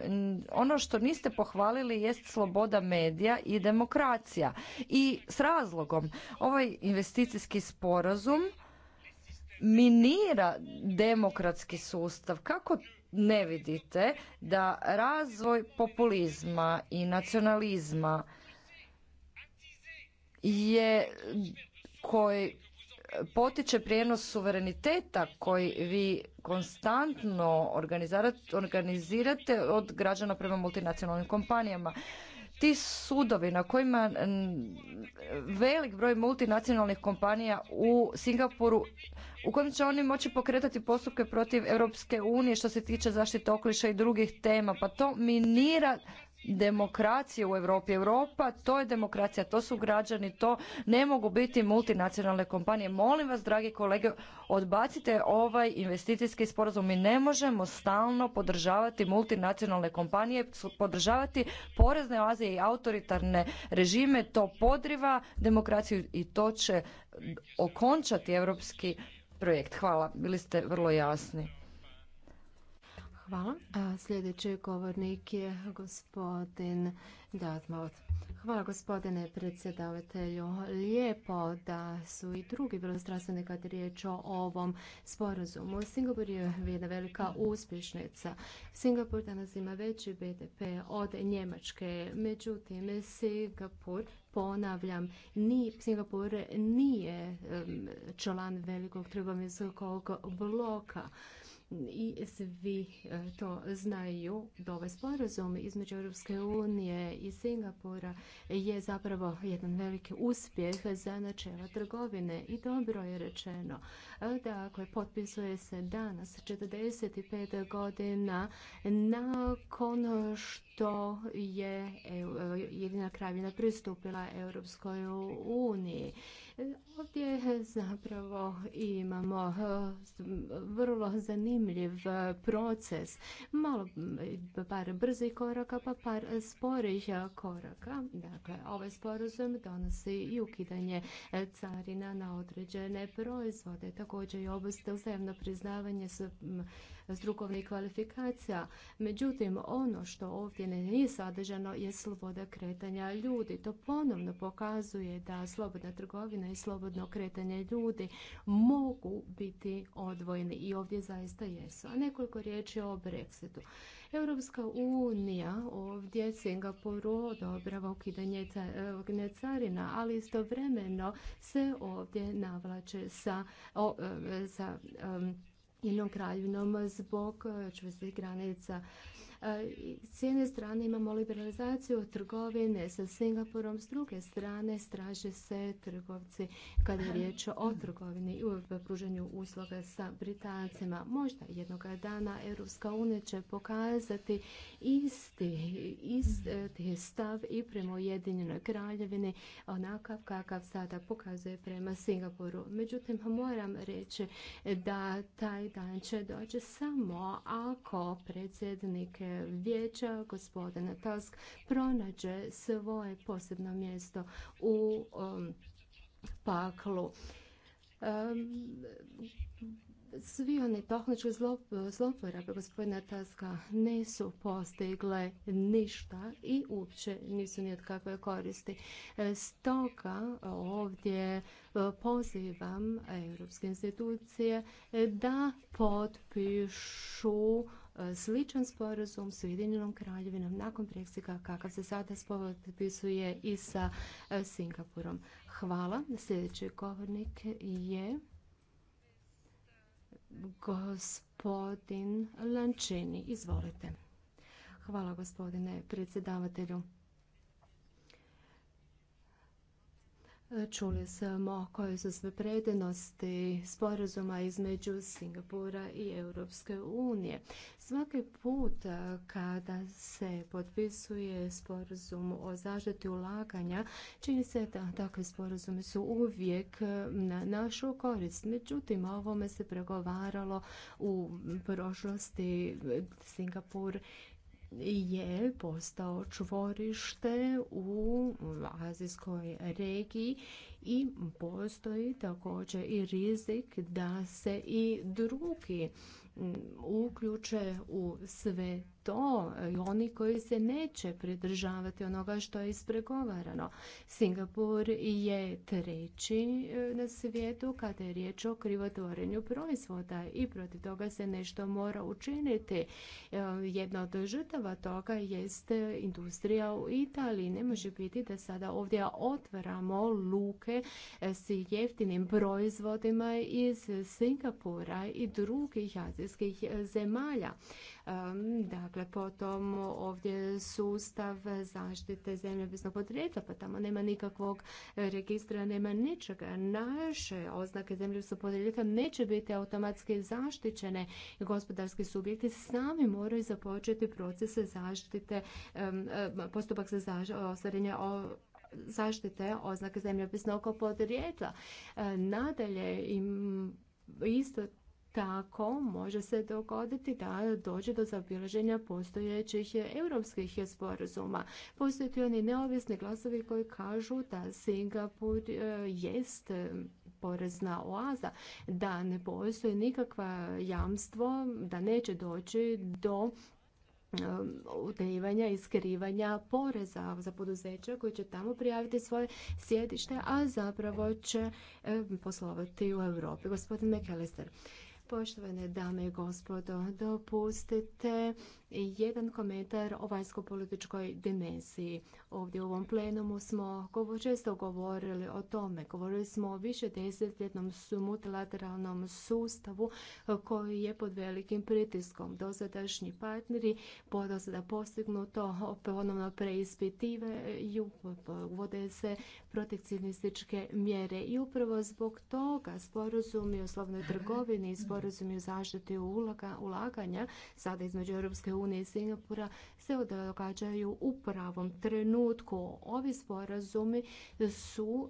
[SPEAKER 1] ono što niste pohvalili jest sloboda medija i demokracija. I s razlogom, ovaj investicijski sporazum minira demokratski sustav. Kako ne vidite da razvoj populizma i nacionalizma je koji potiče prijenos suvereniteta koji vi konstantno organizirate od građana prema multinacionalnim kompanijama ti sudovi na kojima velik broj multinacionalnih kompanija u Singapuru u kojem će oni moći pokretati postupke protiv Europske unije što se tiče zaštite okoliša i drugih tema. Pa to minira demokracije u Europi. Europa, to je demokracija, to su građani, to ne mogu biti multinacionalne kompanije. Molim vas, dragi kolege, odbacite ovaj investicijski sporazum. Mi ne možemo stalno podržavati multinacionalne kompanije, podržavati porezne oaze i autoritarne režime. To podriva demokraciju i to će okončati europski projekt. Hvala, bili ste vrlo jasni.
[SPEAKER 4] Hvala. sljedeći govornik je gospodin Dartmouth. Hvala gospodine predsjedavatelju. Lijepo da su i drugi bilo strastveni kad je riječ o ovom sporazumu. Singapur je jedna velika uspješnica. Singapur danas ima veći BDP od Njemačke. Međutim, Singapur ponavljam, ni, Singapur nije član velikog trgovinskog bloka i svi e, to znaju da ovaj sporazum između Europske unije i Singapura je zapravo jedan veliki uspjeh za načela trgovine i dobro je rečeno. Dakle, potpisuje se danas 45 godina nakon što je e, Jedina Kraljevina pristupila Europskoj uniji Ovdje zapravo imamo e, vrlo zanimljiv e, proces, malo e, par brzih koraka pa par sporih koraka. Dakle, ovaj sporazum donosi i ukidanje carina na određene proizvode, također i obustav priznavanje s strukovnih kvalifikacija. Međutim, ono što ovdje nije sadržano je sloboda kretanja ljudi. To ponovno pokazuje da slobodna trgovina i slobodno kretanje ljudi mogu biti odvojeni i ovdje zaista jesu. A nekoliko riječi o Brexitu. Europska unija ovdje Singapuru odobrava ukidanje e, carina, ali istovremeno se ovdje navlače sa, e, Jedinom kraljevinom zbog čvrstih granica s jedne strane imamo liberalizaciju trgovine sa Singapurom, s druge strane straže se trgovci kada je riječ o trgovini i pružanju usluga sa Britancima. Možda jednog dana Europska unija će pokazati isti, isti stav i prema Ujedinjenoj kraljevini onakav kakav sada pokazuje prema Singapuru. Međutim, moram reći da taj dan će doći samo ako predsjednik vijeća, gospodina Tusk, pronađe svoje posebno mjesto u um, paklu um, svi oni tehničke zloporabe gospodina Taska nisu postigle ništa i uopće nisu ni od kakve koristi. E, stoga ovdje e, pozivam europske institucije da potpišu sličan sporazum s Ujedinjenom kraljevinom nakon Brexita kakav se sada potpisuje i sa e, Singapurom. Hvala. Sljedeći govornik je gospodin Lančini. Izvolite. Hvala gospodine predsjedavatelju. Čuli smo koje su sve prednosti sporazuma između Singapura i Europske unije. Svaki put kada se potpisuje sporazum o zaštiti ulaganja, čini se da takvi sporazumi su uvijek na našu korist. Međutim, o ovome se pregovaralo u prošlosti Singapur je postao čvorište u azijskoj regiji i postoji također i rizik da se i drugi uključe u sve to i oni koji se neće pridržavati onoga što je ispregovarano. Singapur je treći e, na svijetu kada je riječ o krivotvorenju proizvoda i protiv toga se nešto mora učiniti. E, jedna od žrtava toga jest industrija u Italiji. Ne može biti da sada ovdje otvaramo luke e, s jeftinim proizvodima iz Singapura i drugih azijskih zemalja. Dakle, potom ovdje sustav zaštite zemljopisnog podrijetla, pa tamo nema nikakvog registra, nema ničega. Naše oznake zemljopisnog podrijetla neće biti automatski zaštićene. Gospodarski subjekti sami moraju započeti procese zaštite, postupak za ostvarenje zaštite oznake zemljopisnog podrijetla. Nadalje, im isto tako može se dogoditi da dođe do zaobilaženja postojećih europskih sporazuma. Postoje tu oni neovisni glasovi koji kažu da Singapur e, jest porezna oaza, da ne postoji nikakva jamstvo da neće doći do e, utajivanja i skrivanja poreza za poduzeća koji će tamo prijaviti svoje sjedište, a zapravo će e, poslovati u Europi. Gospodin McAllister, Poštovane dame i gospodo, dopustite jedan komentar o vanjsko-političkoj dimenziji. Ovdje u ovom plenumu smo često govorili o tome. Govorili smo o više desetljetnom multilateralnom sustavu koji je pod velikim pritiskom. Dosadašnji partneri da postignu postignuto ponovno preispitivaju, uvode se protekcionističke mjere i upravo zbog toga sporazumi o slovnoj trgovini i razumiju o zaštiti ulaganja, sada između Europske unije i Singapura, se događaju u pravom trenutku. Ovi sporazumi su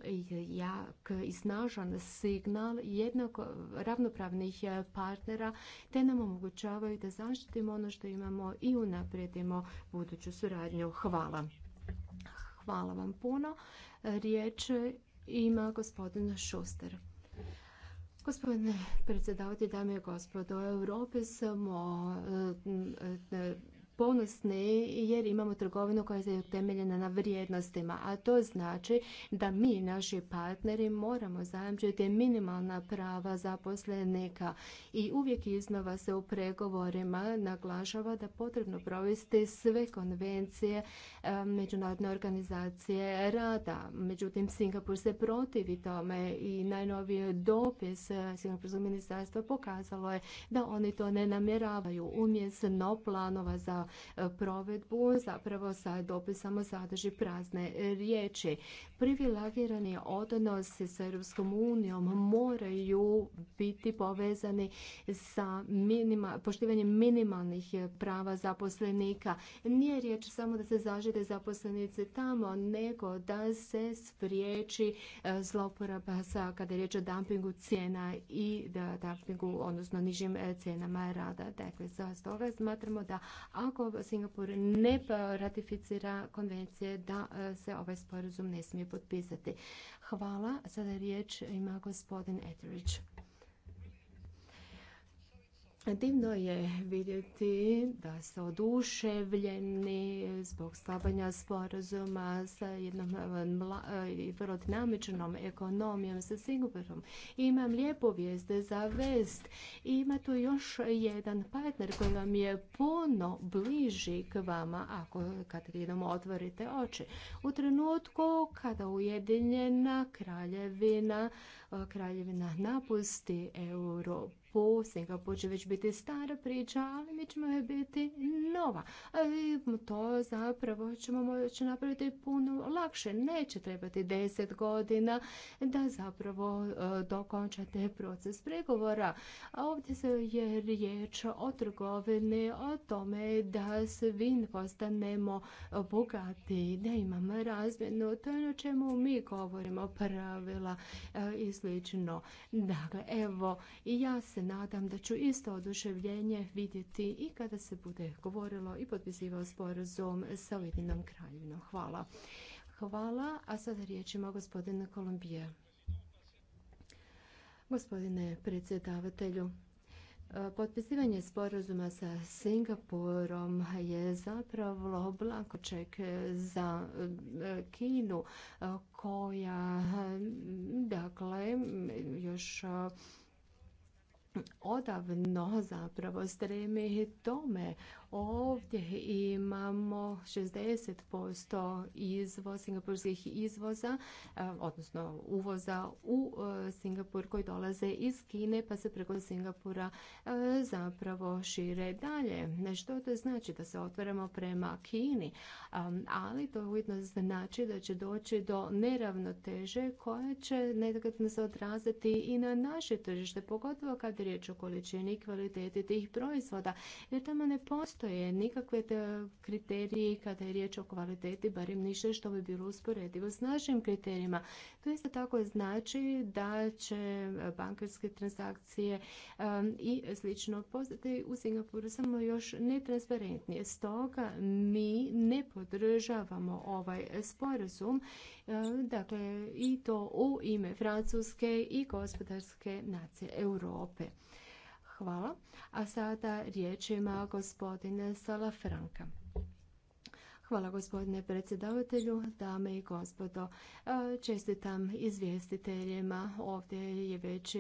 [SPEAKER 4] jak i snažan signal jednako ravnopravnih partnera, te nam omogućavaju da zaštitimo ono što imamo i unaprijedimo buduću suradnju. Hvala. Hvala vam puno. Riječ ima gospodin Šuster. Gospodine predsjedavati, dame i gospodo, u Europi smo e, ponosni jer imamo trgovinu koja je temeljena na vrijednostima, a to znači da mi, naši partneri, moramo zajamčiti minimalna prava zaposlenika i uvijek iznova se u pregovorima naglašava da potrebno provesti sve konvencije e, Međunarodne organizacije rada. Međutim, Singapur se protivi tome i najnoviji dopis e, Singapurskog ministarstva pokazalo je da oni to ne namjeravaju umjesto planova za E, provedbu zapravo sa dopisama sadrži prazne riječi. Privilegirani odnosi sa Europskom unijom moraju biti povezani sa poštivanjem minimalnih prava zaposlenika. Nije riječ samo da se zažite zaposlenice tamo, nego da se spriječi e, zloporaba kada je riječ o dumpingu cijena i dumpingu, odnosno nižim e, cijenama rada. Dakle, stoga smatramo da ako ako Singapur ne pa ratificira konvencije da e, se ovaj sporazum ne smije potpisati. Hvala. Sada riječ ima gospodin Etheridge. Divno je vidjeti da ste oduševljeni zbog sklapanja sporazuma sa jednom eh, eh, vrlo dinamičnom ekonomijom sa Singapurom. Imam lijepo vijeste za vest. Ima tu još jedan partner koji vam je puno bliži k vama ako kad jednom otvorite oči. U trenutku kada Ujedinjena kraljevina kraljevina napusti Europu, Singapur će već biti stara priča, ali mi ćemo je biti nova. I to zapravo ćemo moći napraviti puno lakše. Neće trebati deset godina da zapravo e, dokončate proces pregovora. A ovdje se je riječ o trgovini, o tome da svi postanemo bogati, da imamo razmjenu. To je o čemu mi govorimo pravila e, iz slično. Dakle, evo, i ja se nadam da ću isto oduševljenje vidjeti i kada se bude govorilo i potpisivao sporazum sa Ujedinom kraljevinom. Hvala. Hvala, a sada riječ ima gospodine Kolumbije. Gospodine predsjedavatelju, Potpisivanje sporazuma sa Singapurom je zapravo blankoček za e, Kinu e, koja dakle još e, odavno zapravo stremi tome Ovdje imamo 60% izvoz, singapurskih izvoza, e, odnosno uvoza u e, Singapur koji dolaze iz Kine pa se preko Singapura e, zapravo šire dalje. Nešto to znači? Da se otvaramo prema Kini, ali to ujedno znači da će doći do neravnoteže koja će negativno se odraziti i na naše tržište, pogotovo kad je riječ o količini i kvaliteti tih proizvoda, jer tamo ne postoji postoje nikakve kriteriji kada je riječ o kvaliteti, barem ništa što bi bilo usporedivo s našim kriterijima. To isto tako znači da će bankarske transakcije um, i slično postati u Singapuru samo još netransparentnije. Stoga mi ne podržavamo ovaj sporazum um, dakle i to u ime Francuske i gospodarske nacije Europe. Hvala. A sada riječ gospodine Salafranka. Hvala gospodine predsjedavatelju, dame i gospodo. E, čestitam izvjestiteljima. Ovdje je već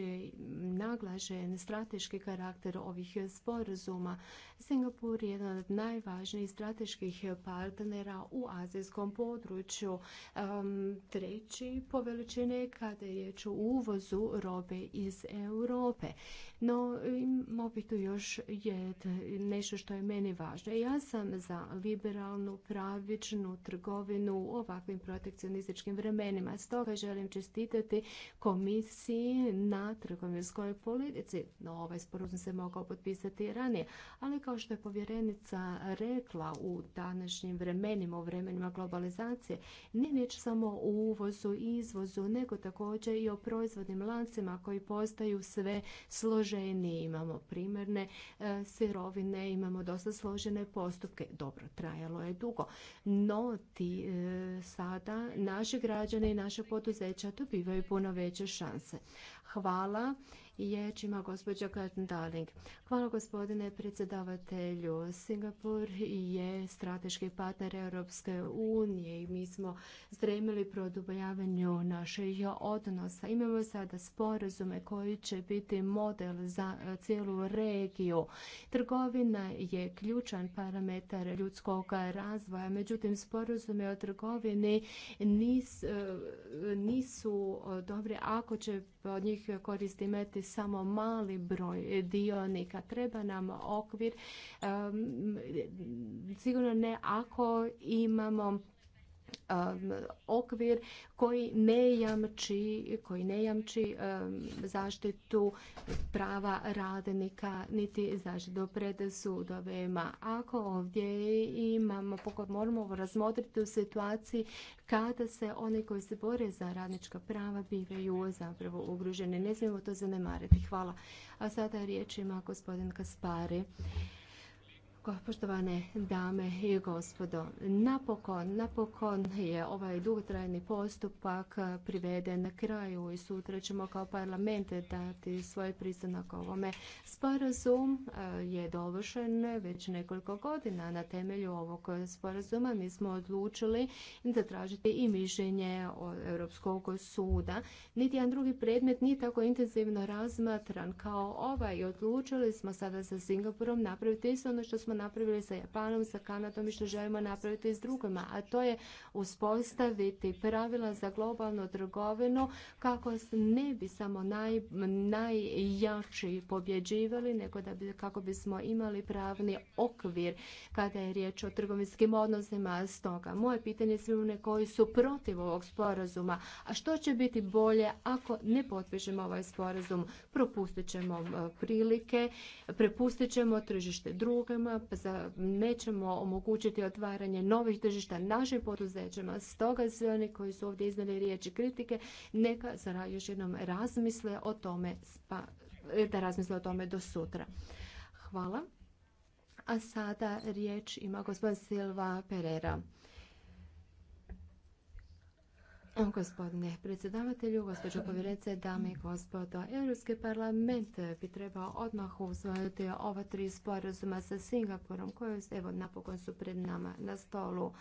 [SPEAKER 4] naglašen strateški karakter ovih sporazuma. Singapur je jedan od najvažnijih strateških partnera u azijskom području. E, treći po veličine kada je riječ o uvozu robe iz Europe. No, mogu tu još je nešto što je meni važno. Ja sam za liberalnu, pravičnu trgovinu u ovakvim protekcionističkim vremenima. Stoga želim čestitati komisiji na trgovinskoj politici. No, ovaj sporazum se mogao potpisati ranije, ali kao što je povjerenica rekla u današnjim vremenima, u vremenima globalizacije, nije riječ samo o uvozu i izvozu, nego također i o proizvodnim lancima koji postaju sve slož ženi, imamo primjerne e, sirovine, imamo dosta složene postupke. Dobro, trajalo je dugo, no ti e, sada naše građane i naše poduzeća dobivaju puno veće šanse. Hvala riječima gospođa katn Darling. Hvala gospodine predsjedavatelju. Singapur je strateški partner Europske unije i mi smo stremili produbljavanju naših odnosa. Imamo sada sporazume koji će biti model za cijelu regiju. Trgovina je ključan parametar ljudskog razvoja, međutim sporazume o trgovini nisu, dobri dobre ako će od njih koristi imati samo mali broj dionika. Treba nam okvir, sigurno ne ako imamo Um, okvir koji ne jamči, koji ne jamči um, zaštitu prava radnika niti zaštitu pred sudovima. Ako ovdje imamo, moramo razmotriti u situaciji kada se oni koji se bore za radnička prava bivaju zapravo ugroženi. Ne smijemo to zanemariti. Hvala. A sada riječ ima gospodin Kaspari. Poštovane dame i gospodo, napokon, napokon je ovaj dugotrajni postupak priveden na kraju i sutra ćemo kao parlament dati svoj pristanak ovome. Sporazum eh, je dovršen već nekoliko godina. Na temelju ovog sporazuma mi smo odlučili da tražite i mišljenje od Europskog suda. Niti jedan drugi predmet nije tako intenzivno razmatran kao ovaj. Odlučili smo sada sa Singapurom napraviti isto ono što smo smo napravili sa Japanom, sa Kanadom i što želimo napraviti s drugima, a to je uspostaviti pravila za globalnu trgovinu kako ne bi samo naj, najjači pobjeđivali, nego bi, kako bismo imali pravni okvir kada je riječ o trgovinskim odnosima. Stoga, moje pitanje je svima koji su protiv ovog sporazuma, a što će biti bolje ako ne potpišemo ovaj sporazum? Propustit ćemo e, prilike, prepustit ćemo tržište drugima, nećemo omogućiti otvaranje novih tržišta našim poduzećima. Stoga svi oni koji su ovdje iznali riječi kritike, neka još jednom razmisle o tome, pa, da razmisle o tome do sutra. Hvala. A sada riječ ima gospodin Silva Pereira. Gospodine predsjedavatelju, gospođo povjerenice, dame i gospodo, Europski parlament bi trebao odmah usvojiti ova tri sporazuma sa Singapurom koje evo napokon su pred nama na stolu.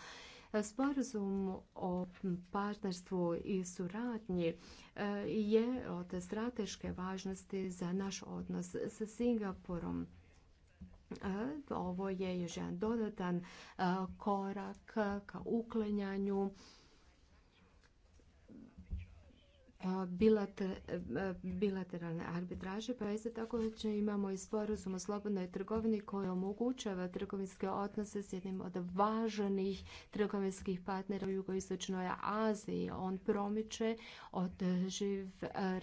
[SPEAKER 4] Sporazum o partnerstvu i suradnji eh, je od strateške važnosti za naš odnos sa Singapurom. Eh, ovo je još jedan dodatan eh, korak ka uklanjanju bilateralne arbitraže, pa isto tako imamo i sporazum o slobodnoj trgovini koji omogućava trgovinske odnose s jednim od važnih trgovinskih partnera u jugoistočnoj Aziji. On promiče održiv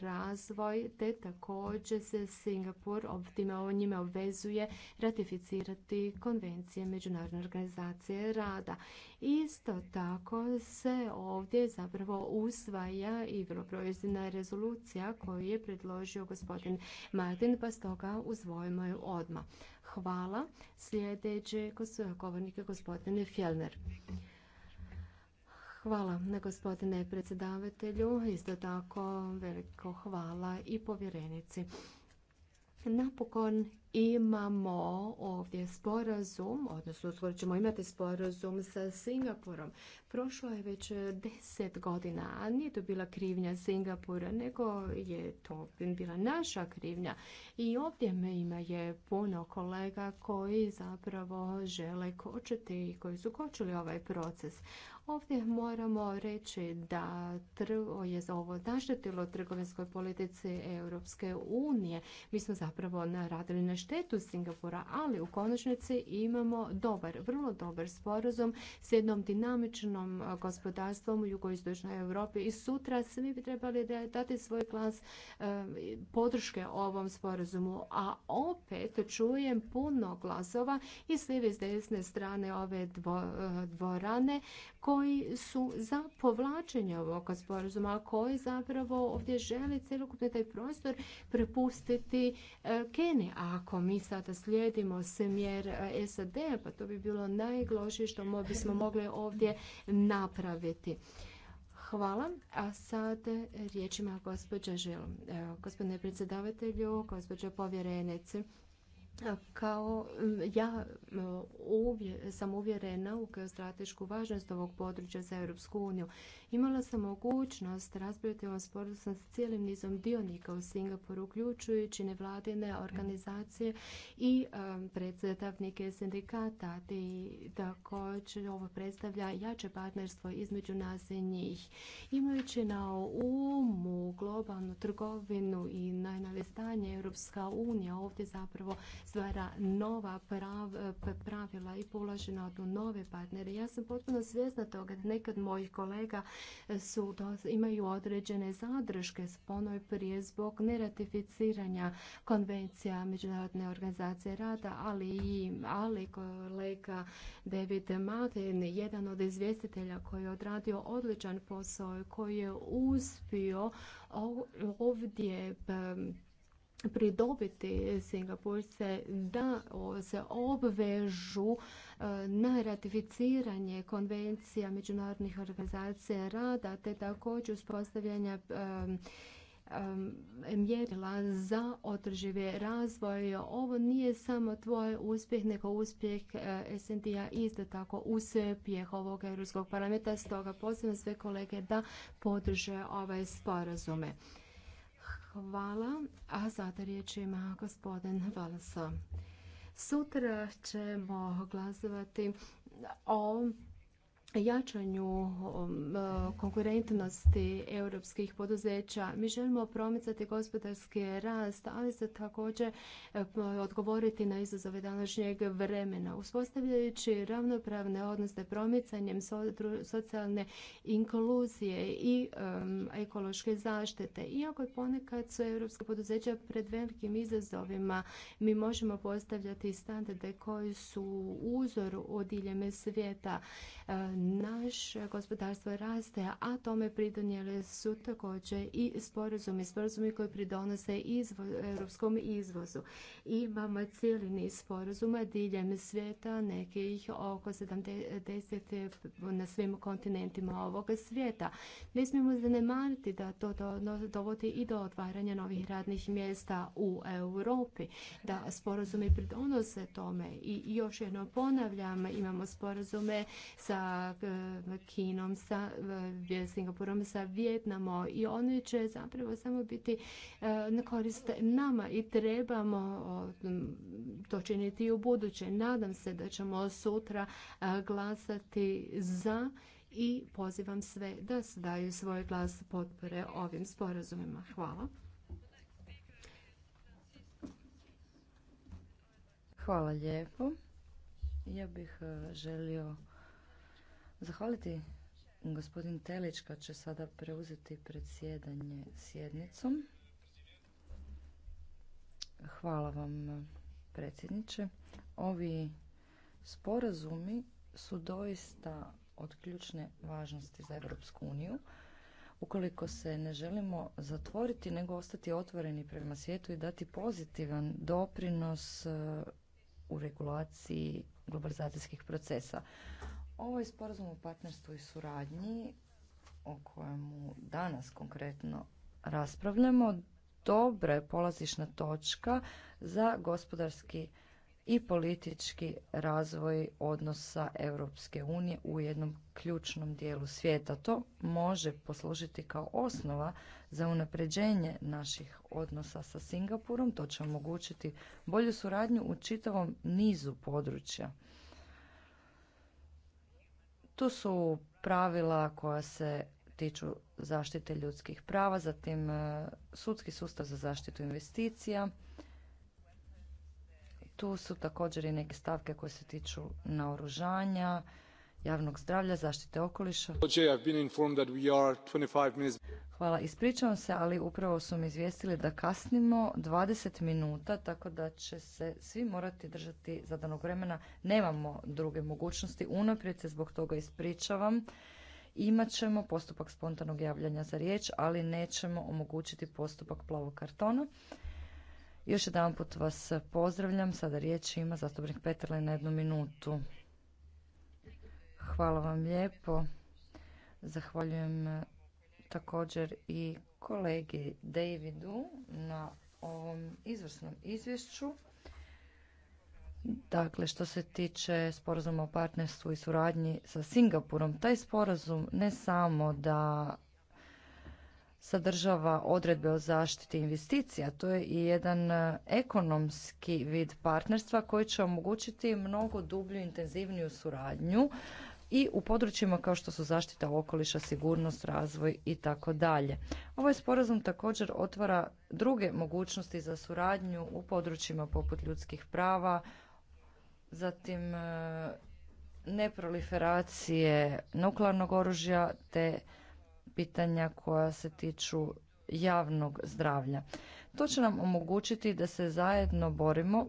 [SPEAKER 4] razvoj, te također se Singapur time o njime obvezuje ratificirati konvencije Međunarodne organizacije rada. Isto tako se ovdje zapravo usvaja i proizvodna rezolucija koju je predložio gospodin Martin, pa stoga uzvojimo ju odmah. Hvala. sljedeće govornik gospodine gospodin Fjellner. Hvala gospodine predsjedavatelju, isto tako veliko hvala i povjerenici. Napokon imamo ovdje sporazum, odnosno uskoro ćemo imati sporazum sa Singapurom. Prošlo je već deset godina, a nije to bila krivnja Singapura, nego je to bila naša krivnja. I ovdje me ima je puno kolega koji zapravo žele kočiti i koji su kočili ovaj proces. Ovdje moramo reći da je za ovo naštetilo trgovinskoj politici Europske unije. Mi smo zapravo radili na štetu Singapura, ali u konačnici imamo dobar, vrlo dobar sporazum s jednom dinamičnom e, gospodarstvom u jugoistočnoj Europi i sutra svi bi trebali dati svoj glas e, podrške ovom sporazumu. A opet čujem puno glasova i s lijeve s desne strane ove e, dvorane koji su za povlačenje ovog sporazuma, koji zapravo ovdje žele cjelokupni taj prostor prepustiti e, Keni. A ako mi sada slijedimo smjer e, SAD, pa to bi bilo najglošije što bismo mogli ovdje napraviti. Hvala. A sad riječima gospođa e, Gospodine predsjedavatelju, gospođo povjerenice kao ja uvje, sam uvjerena u stratešku važnost ovog područja za Europsku uniju. Imala sam mogućnost raspraviti ovom sporazum s cijelim nizom dionika u Singapuru, uključujući nevladine organizacije i predstavnike sindikata. Te također ovo predstavlja jače partnerstvo između nas i njih. Imajući na umu globalnu trgovinu i najnove stanje Europska unija ovdje zapravo stvara nova pravila i polaže na nove partnere. Ja sam potpuno svjesna toga da nekad mojih kolega su, imaju određene zadrške s ponoj prije zbog neratificiranja konvencija Međunarodne organizacije rada, ali i ali kolega David Martin, jedan od izvjestitelja koji je odradio odličan posao i koji je uspio ovdje pridobiti Singapurce da se obvežu e, na ratificiranje konvencija međunarodnih organizacija rada te također uspostavljanja e, e, mjerila za održivi razvoj. Ovo nije samo tvoj uspjeh, nego uspjeh SND-a isto tako uspjeh ovog Europskog parlamenta. Stoga pozivam sve kolege da podrže ove sporazume. Hvala. A sada riječ ima gospodin Valsa. Sutra ćemo glasovati o jačanju um, e, konkurentnosti europskih poduzeća. Mi želimo promicati gospodarski rast, ali se također e, odgovoriti na izazove današnjeg vremena. Uspostavljajući ravnopravne odnose promicanjem socijalne inkluzije i ekološke zaštite. Iako ponekad su europske poduzeća pred velikim izazovima, mi možemo postavljati standarde koji su uzor od diljem svijeta e, naš gospodarstvo raste, a tome pridonijele su također i sporazumi, sporazumi koji pridonose izvo, europskom izvozu. Imamo cijeli niz sporazuma diljem svijeta, nekih oko 70 na svim kontinentima ovoga svijeta. Ne smijemo zanemariti da to dovodi i do otvaranja novih radnih mjesta u Europi, da sporazumi pridonose tome i još jednom ponavljam, imamo sporazume sa E, Kinom, sa e, Singapurom, sa Vjetnamo i oni će zapravo samo biti e, na korist nama i trebamo to činiti i u buduće. Nadam se da ćemo sutra glasati za i pozivam sve da se daju svoj glas potpore ovim sporazumima. Hvala.
[SPEAKER 1] Hvala lijepo. Ja bih želio zahvaliti gospodin Telička će sada preuzeti predsjedanje sjednicom. Hvala vam predsjedniče. Ovi sporazumi su doista od ključne važnosti za Europsku uniju. Ukoliko se ne želimo zatvoriti, nego ostati otvoreni prema svijetu i dati pozitivan doprinos e, u regulaciji globalizacijskih procesa. Ovaj je sporazum o partnerstvu i suradnji o kojemu danas konkretno raspravljamo dobra je polazišna točka za gospodarski i politički razvoj odnosa Europske unije u jednom ključnom dijelu svijeta. To može poslužiti kao osnova za unapređenje naših odnosa sa Singapurom. To će omogućiti bolju suradnju u čitavom nizu područja. Tu su pravila koja se tiču zaštite ljudskih prava, zatim e, sudski sustav za zaštitu investicija. Tu su također i neke stavke koje se tiču naoružanja, javnog zdravlja, zaštite okoliša. Hvala, ispričavam se, ali upravo su mi izvijestili da kasnimo 20 minuta, tako da će se svi morati držati zadanog vremena. Nemamo druge mogućnosti, unaprijed se zbog toga ispričavam. Imat ćemo postupak spontanog javljanja za riječ, ali nećemo omogućiti postupak plavog kartona. Još jedan put vas pozdravljam. Sada riječ ima zastupnik Petrle na jednu minutu. Hvala vam lijepo. Zahvaljujem e, također i kolegi Davidu na ovom izvrsnom izvješću. Dakle, što se tiče sporazuma o partnerstvu i suradnji sa Singapurom, taj sporazum ne samo da sadržava odredbe o zaštiti investicija, to je i jedan e, ekonomski vid partnerstva koji će omogućiti mnogo dublju, i intenzivniju suradnju i u područjima kao što su zaštita okoliša, sigurnost, razvoj i tako dalje. Ovaj sporazum također otvara druge mogućnosti za suradnju u područjima poput ljudskih prava, zatim e, neproliferacije nuklearnog oružja te pitanja koja se tiču javnog zdravlja. To će nam omogućiti da se zajedno borimo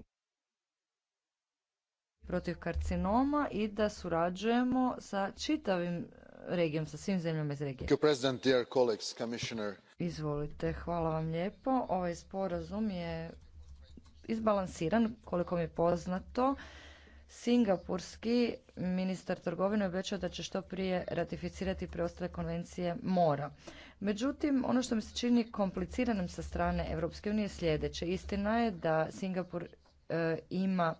[SPEAKER 1] protiv karcinoma i da surađujemo sa čitavim regijom, sa svim zemljama iz regije. Izvolite, hvala vam lijepo. Ovaj sporazum je izbalansiran, koliko mi je poznato. Singapurski ministar trgovine obećao da će što prije ratificirati preostale konvencije mora. Međutim, ono što mi se čini kompliciranim sa strane Europske unije je sljedeće. Istina je da Singapur e, ima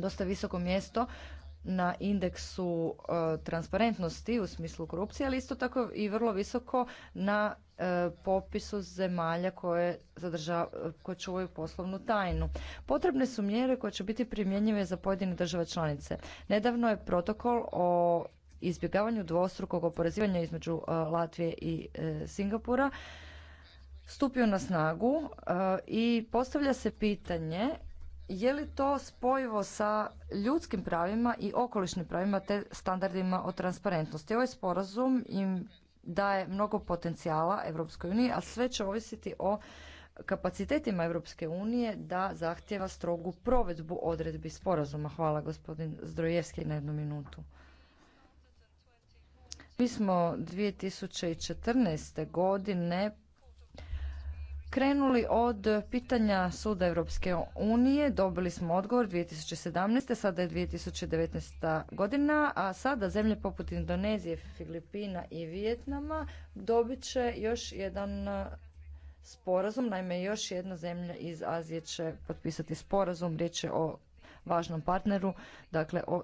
[SPEAKER 1] dosta visoko mjesto na indeksu e, transparentnosti u smislu korupcije, ali isto tako i vrlo visoko na e, popisu zemalja koje, koje čuvaju poslovnu tajnu. Potrebne su mjere koje će biti primjenjive za pojedine države članice. Nedavno je protokol o izbjegavanju dvostrukog oporezivanja između e, Latvije i Singapura stupio na snagu i postavlja se pitanje je li to spojivo sa ljudskim pravima i okolišnim pravima te standardima o transparentnosti? Ovaj sporazum im daje mnogo potencijala Evropskoj uniji, a sve će ovisiti o kapacitetima Evropske unije da zahtjeva strogu provedbu odredbi sporazuma. Hvala gospodin Zdrojevski na jednu minutu. Mi smo 2014. godine krenuli od pitanja Suda Europske unije, dobili smo odgovor 2017. sada je 2019. godina, a sada zemlje poput Indonezije, Filipina i Vijetnama dobit će još jedan e, sporazum, naime još jedna zemlja iz Azije će potpisati sporazum, riječ je o važnom partneru, dakle o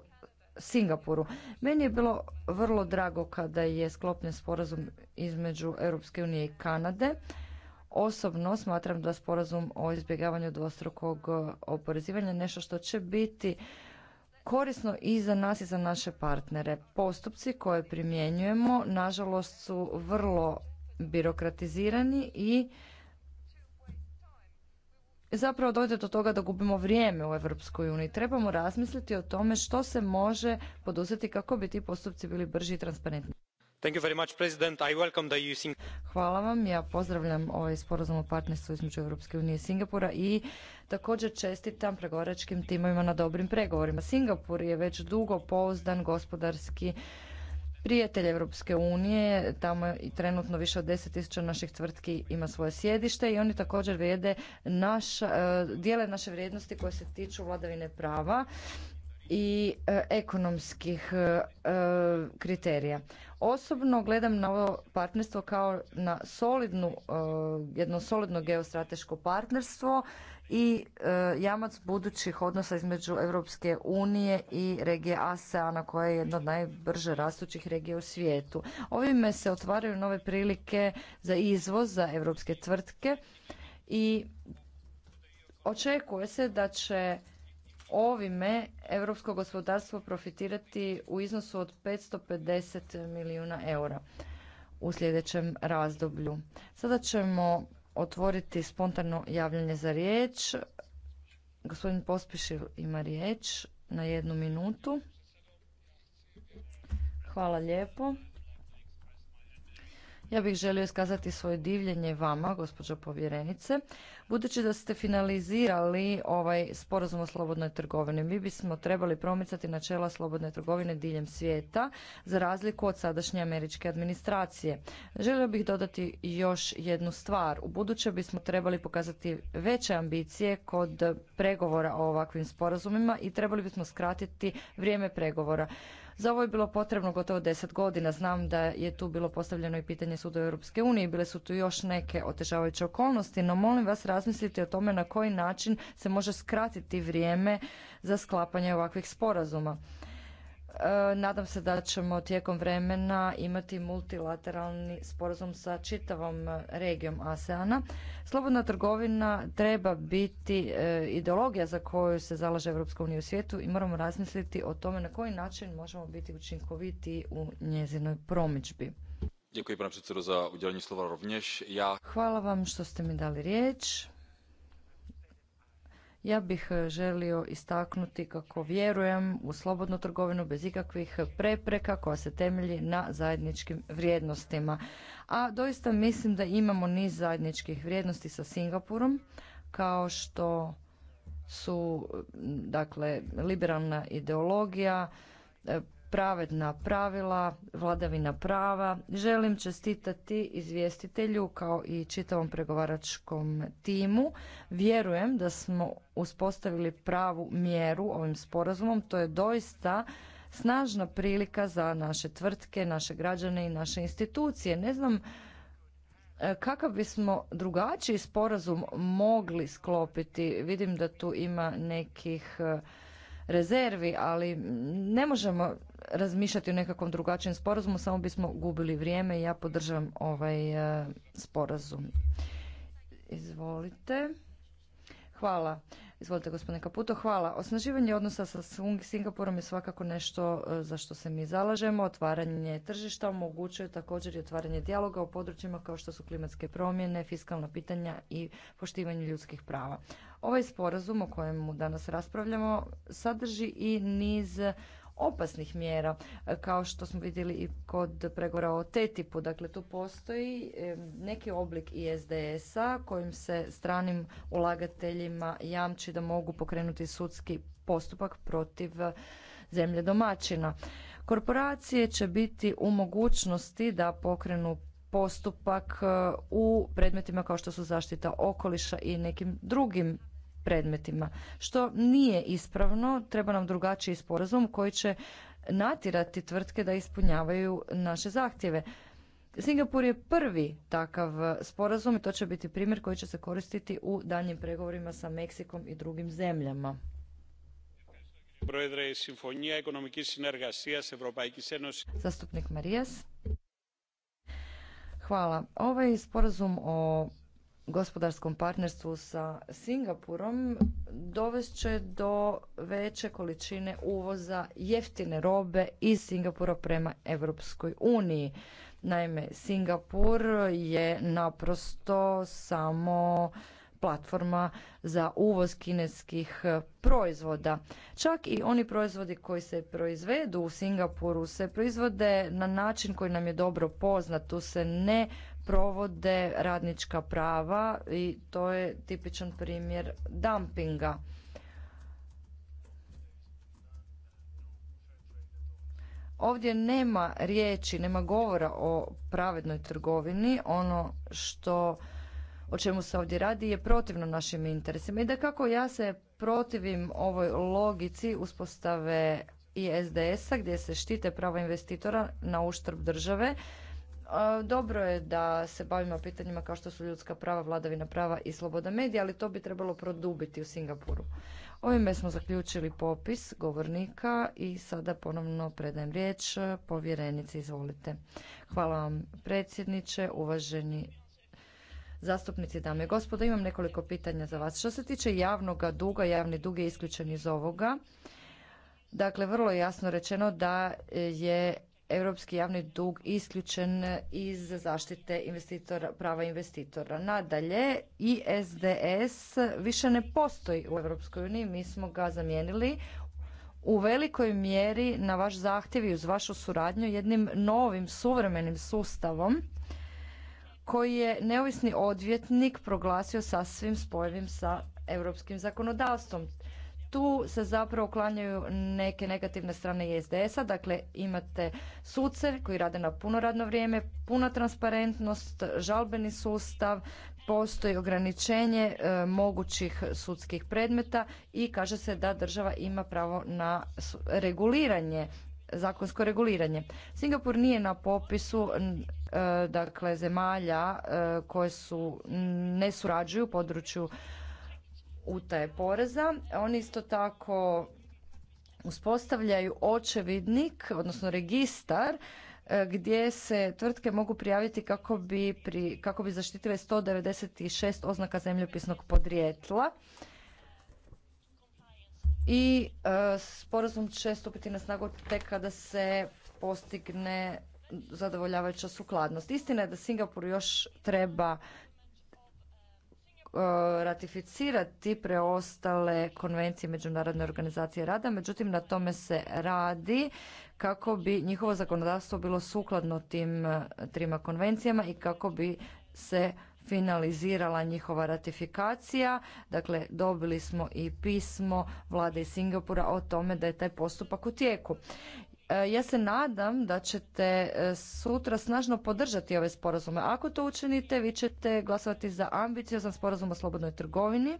[SPEAKER 1] Singapuru. Meni je bilo vrlo drago kada je sklopljen sporazum između Europske unije i Kanade Osobno smatram da sporazum o izbjegavanju dvostrukog e, oporezivanja nešto što će biti korisno i za nas i za naše partnere. Postupci koje primjenjujemo nažalost su vrlo birokratizirani i zapravo dojde do toga da gubimo vrijeme u Evropskoj uniji. Trebamo razmisliti o tome što se može poduzeti kako bi ti postupci bili brži i transparentni. Hvala vam. Ja pozdravljam ovaj sporazum o partnerstvu između Europske unije i Singapura i također čestitam pregovaračkim timovima na dobrim pregovorima. Singapur je već dugo pouzdan gospodarski prijatelj Europske unije, tamo i trenutno više od 10.000 naših tvrtki ima svoje sjedište i oni također vrijede naš, eh, dijele naše vrijednosti koje se tiču vladavine prava, i e, ekonomskih e, e, kriterija. Osobno gledam na ovo partnerstvo kao na solidnu, jedno solidno geostrateško partnerstvo i jamac budućih odnosa između Europske unije i regije ASEANA koja je jedna od najbrže rastućih regija u svijetu. Ovime se otvaraju nove prilike za izvoz za europske tvrtke i očekuje se da će ovime europsko gospodarstvo profitirati u iznosu od 550 milijuna eura u sljedećem razdoblju. Sada ćemo otvoriti spontano javljanje za riječ. Gospodin Pospišil ima riječ na jednu minutu. Hvala lijepo. Ja bih želio iskazati svoje divljenje vama, gospođo povjerenice. Budući da ste finalizirali ovaj sporazum o slobodnoj trgovini, mi bismo trebali promicati načela slobodne trgovine diljem svijeta, za razliku od sadašnje američke administracije. Želio bih dodati još jednu stvar. U buduće bismo trebali pokazati veće ambicije kod pregovora o ovakvim sporazumima i trebali bismo skratiti vrijeme pregovora. Za ovo je bilo potrebno gotovo deset godina. Znam da je tu bilo postavljeno i pitanje Suda Europske unije. Bile su tu još neke otežavajuće okolnosti, no molim vas razmisliti o tome na koji način se može skratiti vrijeme za sklapanje ovakvih sporazuma. E, nadam se da ćemo tijekom vremena imati multilateralni sporazum sa čitavom e, regijom ASEANA. Slobodna trgovina treba biti e, ideologija za koju se zalaže Europska unija u svijetu i moramo razmisliti o tome na koji način možemo biti učinkoviti u njezinoj promičbi. Hvala vam što ste mi dali riječ. Ja bih e, želio istaknuti kako vjerujem u slobodnu trgovinu bez ikakvih prepreka koja se temelji na zajedničkim vrijednostima. A doista mislim da imamo niz zajedničkih vrijednosti sa Singapurom kao što su dakle liberalna ideologija, e, pravedna pravila, vladavina prava. Želim čestitati izvjestitelju kao i čitavom pregovaračkom timu. Vjerujem da smo uspostavili pravu mjeru ovim sporazumom. To je doista snažna prilika za naše tvrtke, naše građane i naše institucije. Ne znam e, kakav bismo drugačiji sporazum mogli sklopiti. Vidim da tu ima nekih e, rezervi, ali ne možemo razmišljati o nekakvom drugačijem sporazumu, samo bismo gubili vrijeme i ja podržavam ovaj e, sporazum. Izvolite. Hvala. Izvolite gospodine Kaputo, hvala. Osnaživanje odnosa sa Singapurom je svakako nešto e, za što se mi zalažemo. Otvaranje tržišta omogućuje također i otvaranje dijaloga u područjima kao što su klimatske promjene, fiskalna pitanja i poštivanje ljudskih prava. Ovaj sporazum o kojemu danas raspravljamo sadrži i niz opasnih mjera, kao što smo vidjeli i kod pregovora o TTIP-u. Dakle, tu postoji neki oblik ISDS-a kojim se stranim ulagateljima jamči da mogu pokrenuti sudski postupak protiv zemlje domaćina. Korporacije će biti u mogućnosti da pokrenu postupak e, u predmetima kao što su zaštita okoliša i nekim drugim predmetima. Što nije ispravno, treba nam drugačiji sporazum koji će natirati tvrtke da ispunjavaju naše zahtjeve. Singapur je prvi takav sporazum i to će biti primjer koji će se koristiti u daljnjim pregovorima sa Meksikom i drugim zemljama. Zastupnik Marijas. Hvala. Ovaj sporazum o gospodarskom partnerstvu sa Singapurom dovest će do veće količine uvoza jeftine robe iz Singapura prema Europskoj uniji. Naime, Singapur je naprosto samo platforma za uvoz kineskih proizvoda. Čak i oni proizvodi koji se proizvedu u Singapuru se proizvode na način koji nam je dobro poznat. Tu se ne provode radnička prava i to je tipičan primjer dumpinga. Ovdje nema riječi, nema govora o pravednoj trgovini. Ono što o čemu se ovdje radi je protivno našim interesima. I da kako ja se protivim ovoj logici uspostave i a gdje se štite prava investitora na uštrb države dobro je da se bavimo pitanjima kao što su ljudska prava, vladavina prava i sloboda medija, ali to bi trebalo produbiti u Singapuru. Ovime smo zaključili popis govornika i sada ponovno predajem riječ povjerenici, izvolite. Hvala vam predsjedniče, uvaženi zastupnici, dame i gospodo. Imam nekoliko pitanja za vas. Što se tiče javnog duga, javni dug je isključen iz ovoga. Dakle, vrlo jasno rečeno da je europski javni dug isključen iz zaštite prava investitora. Nadalje, ISDS više ne postoji u Europskoj uniji, mi smo ga zamijenili u velikoj mjeri na vaš zahtjev i uz vašu suradnju jednim novim suvremenim sustavom koji je neovisni odvjetnik proglasio sasvim spojivim sa europskim zakonodavstvom tu se zapravo uklanjaju neke negativne strane ISDS-a, dakle imate suce koji rade na puno radno vrijeme, puna transparentnost, žalbeni sustav, postoji ograničenje e, mogućih sudskih predmeta i kaže se da država ima pravo na reguliranje zakonsko reguliranje. Singapur nije na popisu e, dakle zemalja e, koje su ne surađuju u području utaje poreza. Oni isto tako uspostavljaju očevidnik, odnosno registar e, gdje se tvrtke mogu prijaviti kako bi, pri, kako bi zaštitile 196 oznaka zemljopisnog podrijetla. I e, sporazum će stupiti na snagu tek kada se postigne zadovoljavajuća sukladnost. Istina je da Singapur još treba E, ratificirati preostale konvencije Međunarodne organizacije rada, međutim na tome se radi kako bi njihovo zakonodavstvo bilo sukladno tim e, trima konvencijama i kako bi se finalizirala njihova ratifikacija. Dakle, dobili smo i pismo vlade iz Singapura o tome da je taj postupak u tijeku. E, ja se nadam da ćete e, sutra snažno podržati ove sporazume. Ako to učinite, vi ćete glasovati za ambiciozan sporazum o slobodnoj trgovini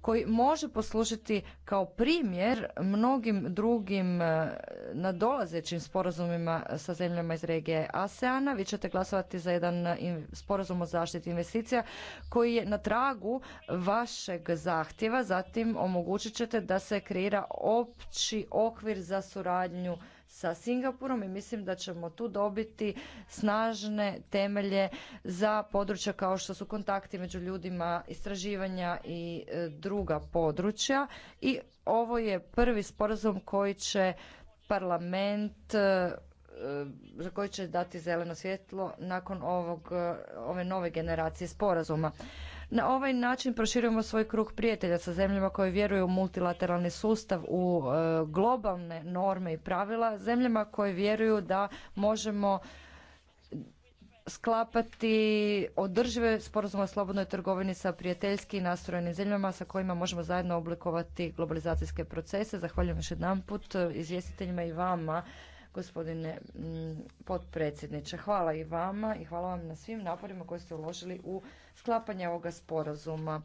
[SPEAKER 1] koji može poslužiti kao primjer mnogim drugim e, nadolazećim sporazumima sa zemljama iz regije ASEANA. Vi ćete glasovati za jedan sporazum o zaštiti investicija koji je na tragu vašeg zahtjeva. Zatim omogućit ćete da se kreira opći okvir za suradnju sa Singapurom i mislim da ćemo tu dobiti snažne temelje za područja kao što su kontakti među ljudima, istraživanja i e, druga područja. I ovo je prvi sporazum koji će parlament e, za koji će dati zeleno svjetlo nakon ovog, e, ove nove generacije sporazuma. Na ovaj način proširujemo svoj krug prijatelja sa zemljama koje vjeruju u multilateralni sustav, u e, globalne norme i pravila, zemljama koje vjeruju da možemo sklapati održive sporazume o slobodnoj trgovini sa prijateljski nastrojenim zemljama sa kojima možemo zajedno oblikovati globalizacijske procese. Zahvaljujem još jedanput e, izvjestiteljima i vama gospodine mm, potpredsjedniče. Hvala i vama i hvala vam na svim naporima koje ste uložili u sklapanje ovoga sporazuma.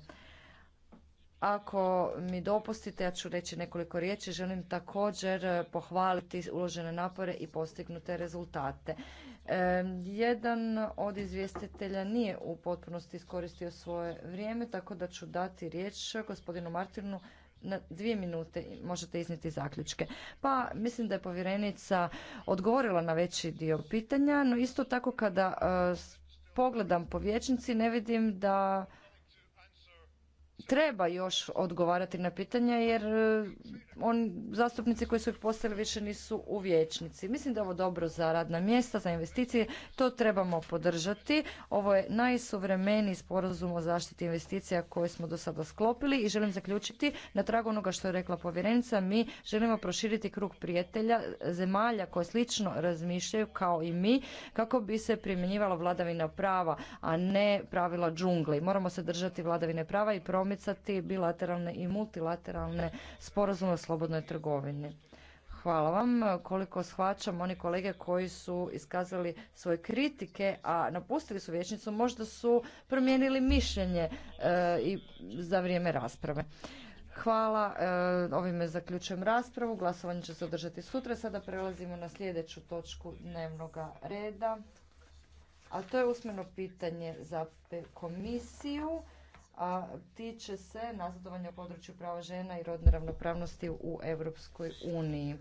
[SPEAKER 1] Ako mi dopustite, ja ću reći nekoliko riječi. Želim također pohvaliti uložene napore i postignute rezultate. E, jedan od izvjestitelja nije u potpunosti iskoristio svoje vrijeme, tako da ću dati riječ gospodinu Martinu na dvije minute možete iznijeti zaključke. Pa mislim da je povjerenica odgovorila na veći dio pitanja, no isto tako kada e, pogledam po vječnici ne vidim da treba još odgovarati na pitanja jer e, on, zastupnici koji su ih postavili više nisu u vijećnici. Mislim da je ovo dobro za radna mjesta, za investicije, to trebamo podržati. Ovo je najsuvremeniji sporazum o zaštiti investicija koje smo do sada sklopili i želim zaključiti na tragu onoga što je rekla povjerenica, mi želimo proširiti krug prijatelja, zemalja koje slično razmišljaju kao i mi kako bi se primjenjivala vladavina prava, a ne pravila džungli. Moramo se držati vladavine prava i promicati bilateralne i multilateralne sporazume o slobodnoj trgovini. Hvala vam. Koliko shvaćam, oni kolege koji su iskazali svoje kritike, a napustili su vječnicu, možda su promijenili mišljenje e, i za vrijeme rasprave. Hvala. E, ovime zaključujem raspravu. Glasovanje će se održati sutra. Sada prelazimo na sljedeću točku dnevnog reda. A to je usmeno pitanje za komisiju a tiče se nazadovanja u području prava žena i rodne ravnopravnosti u Europskoj uniji.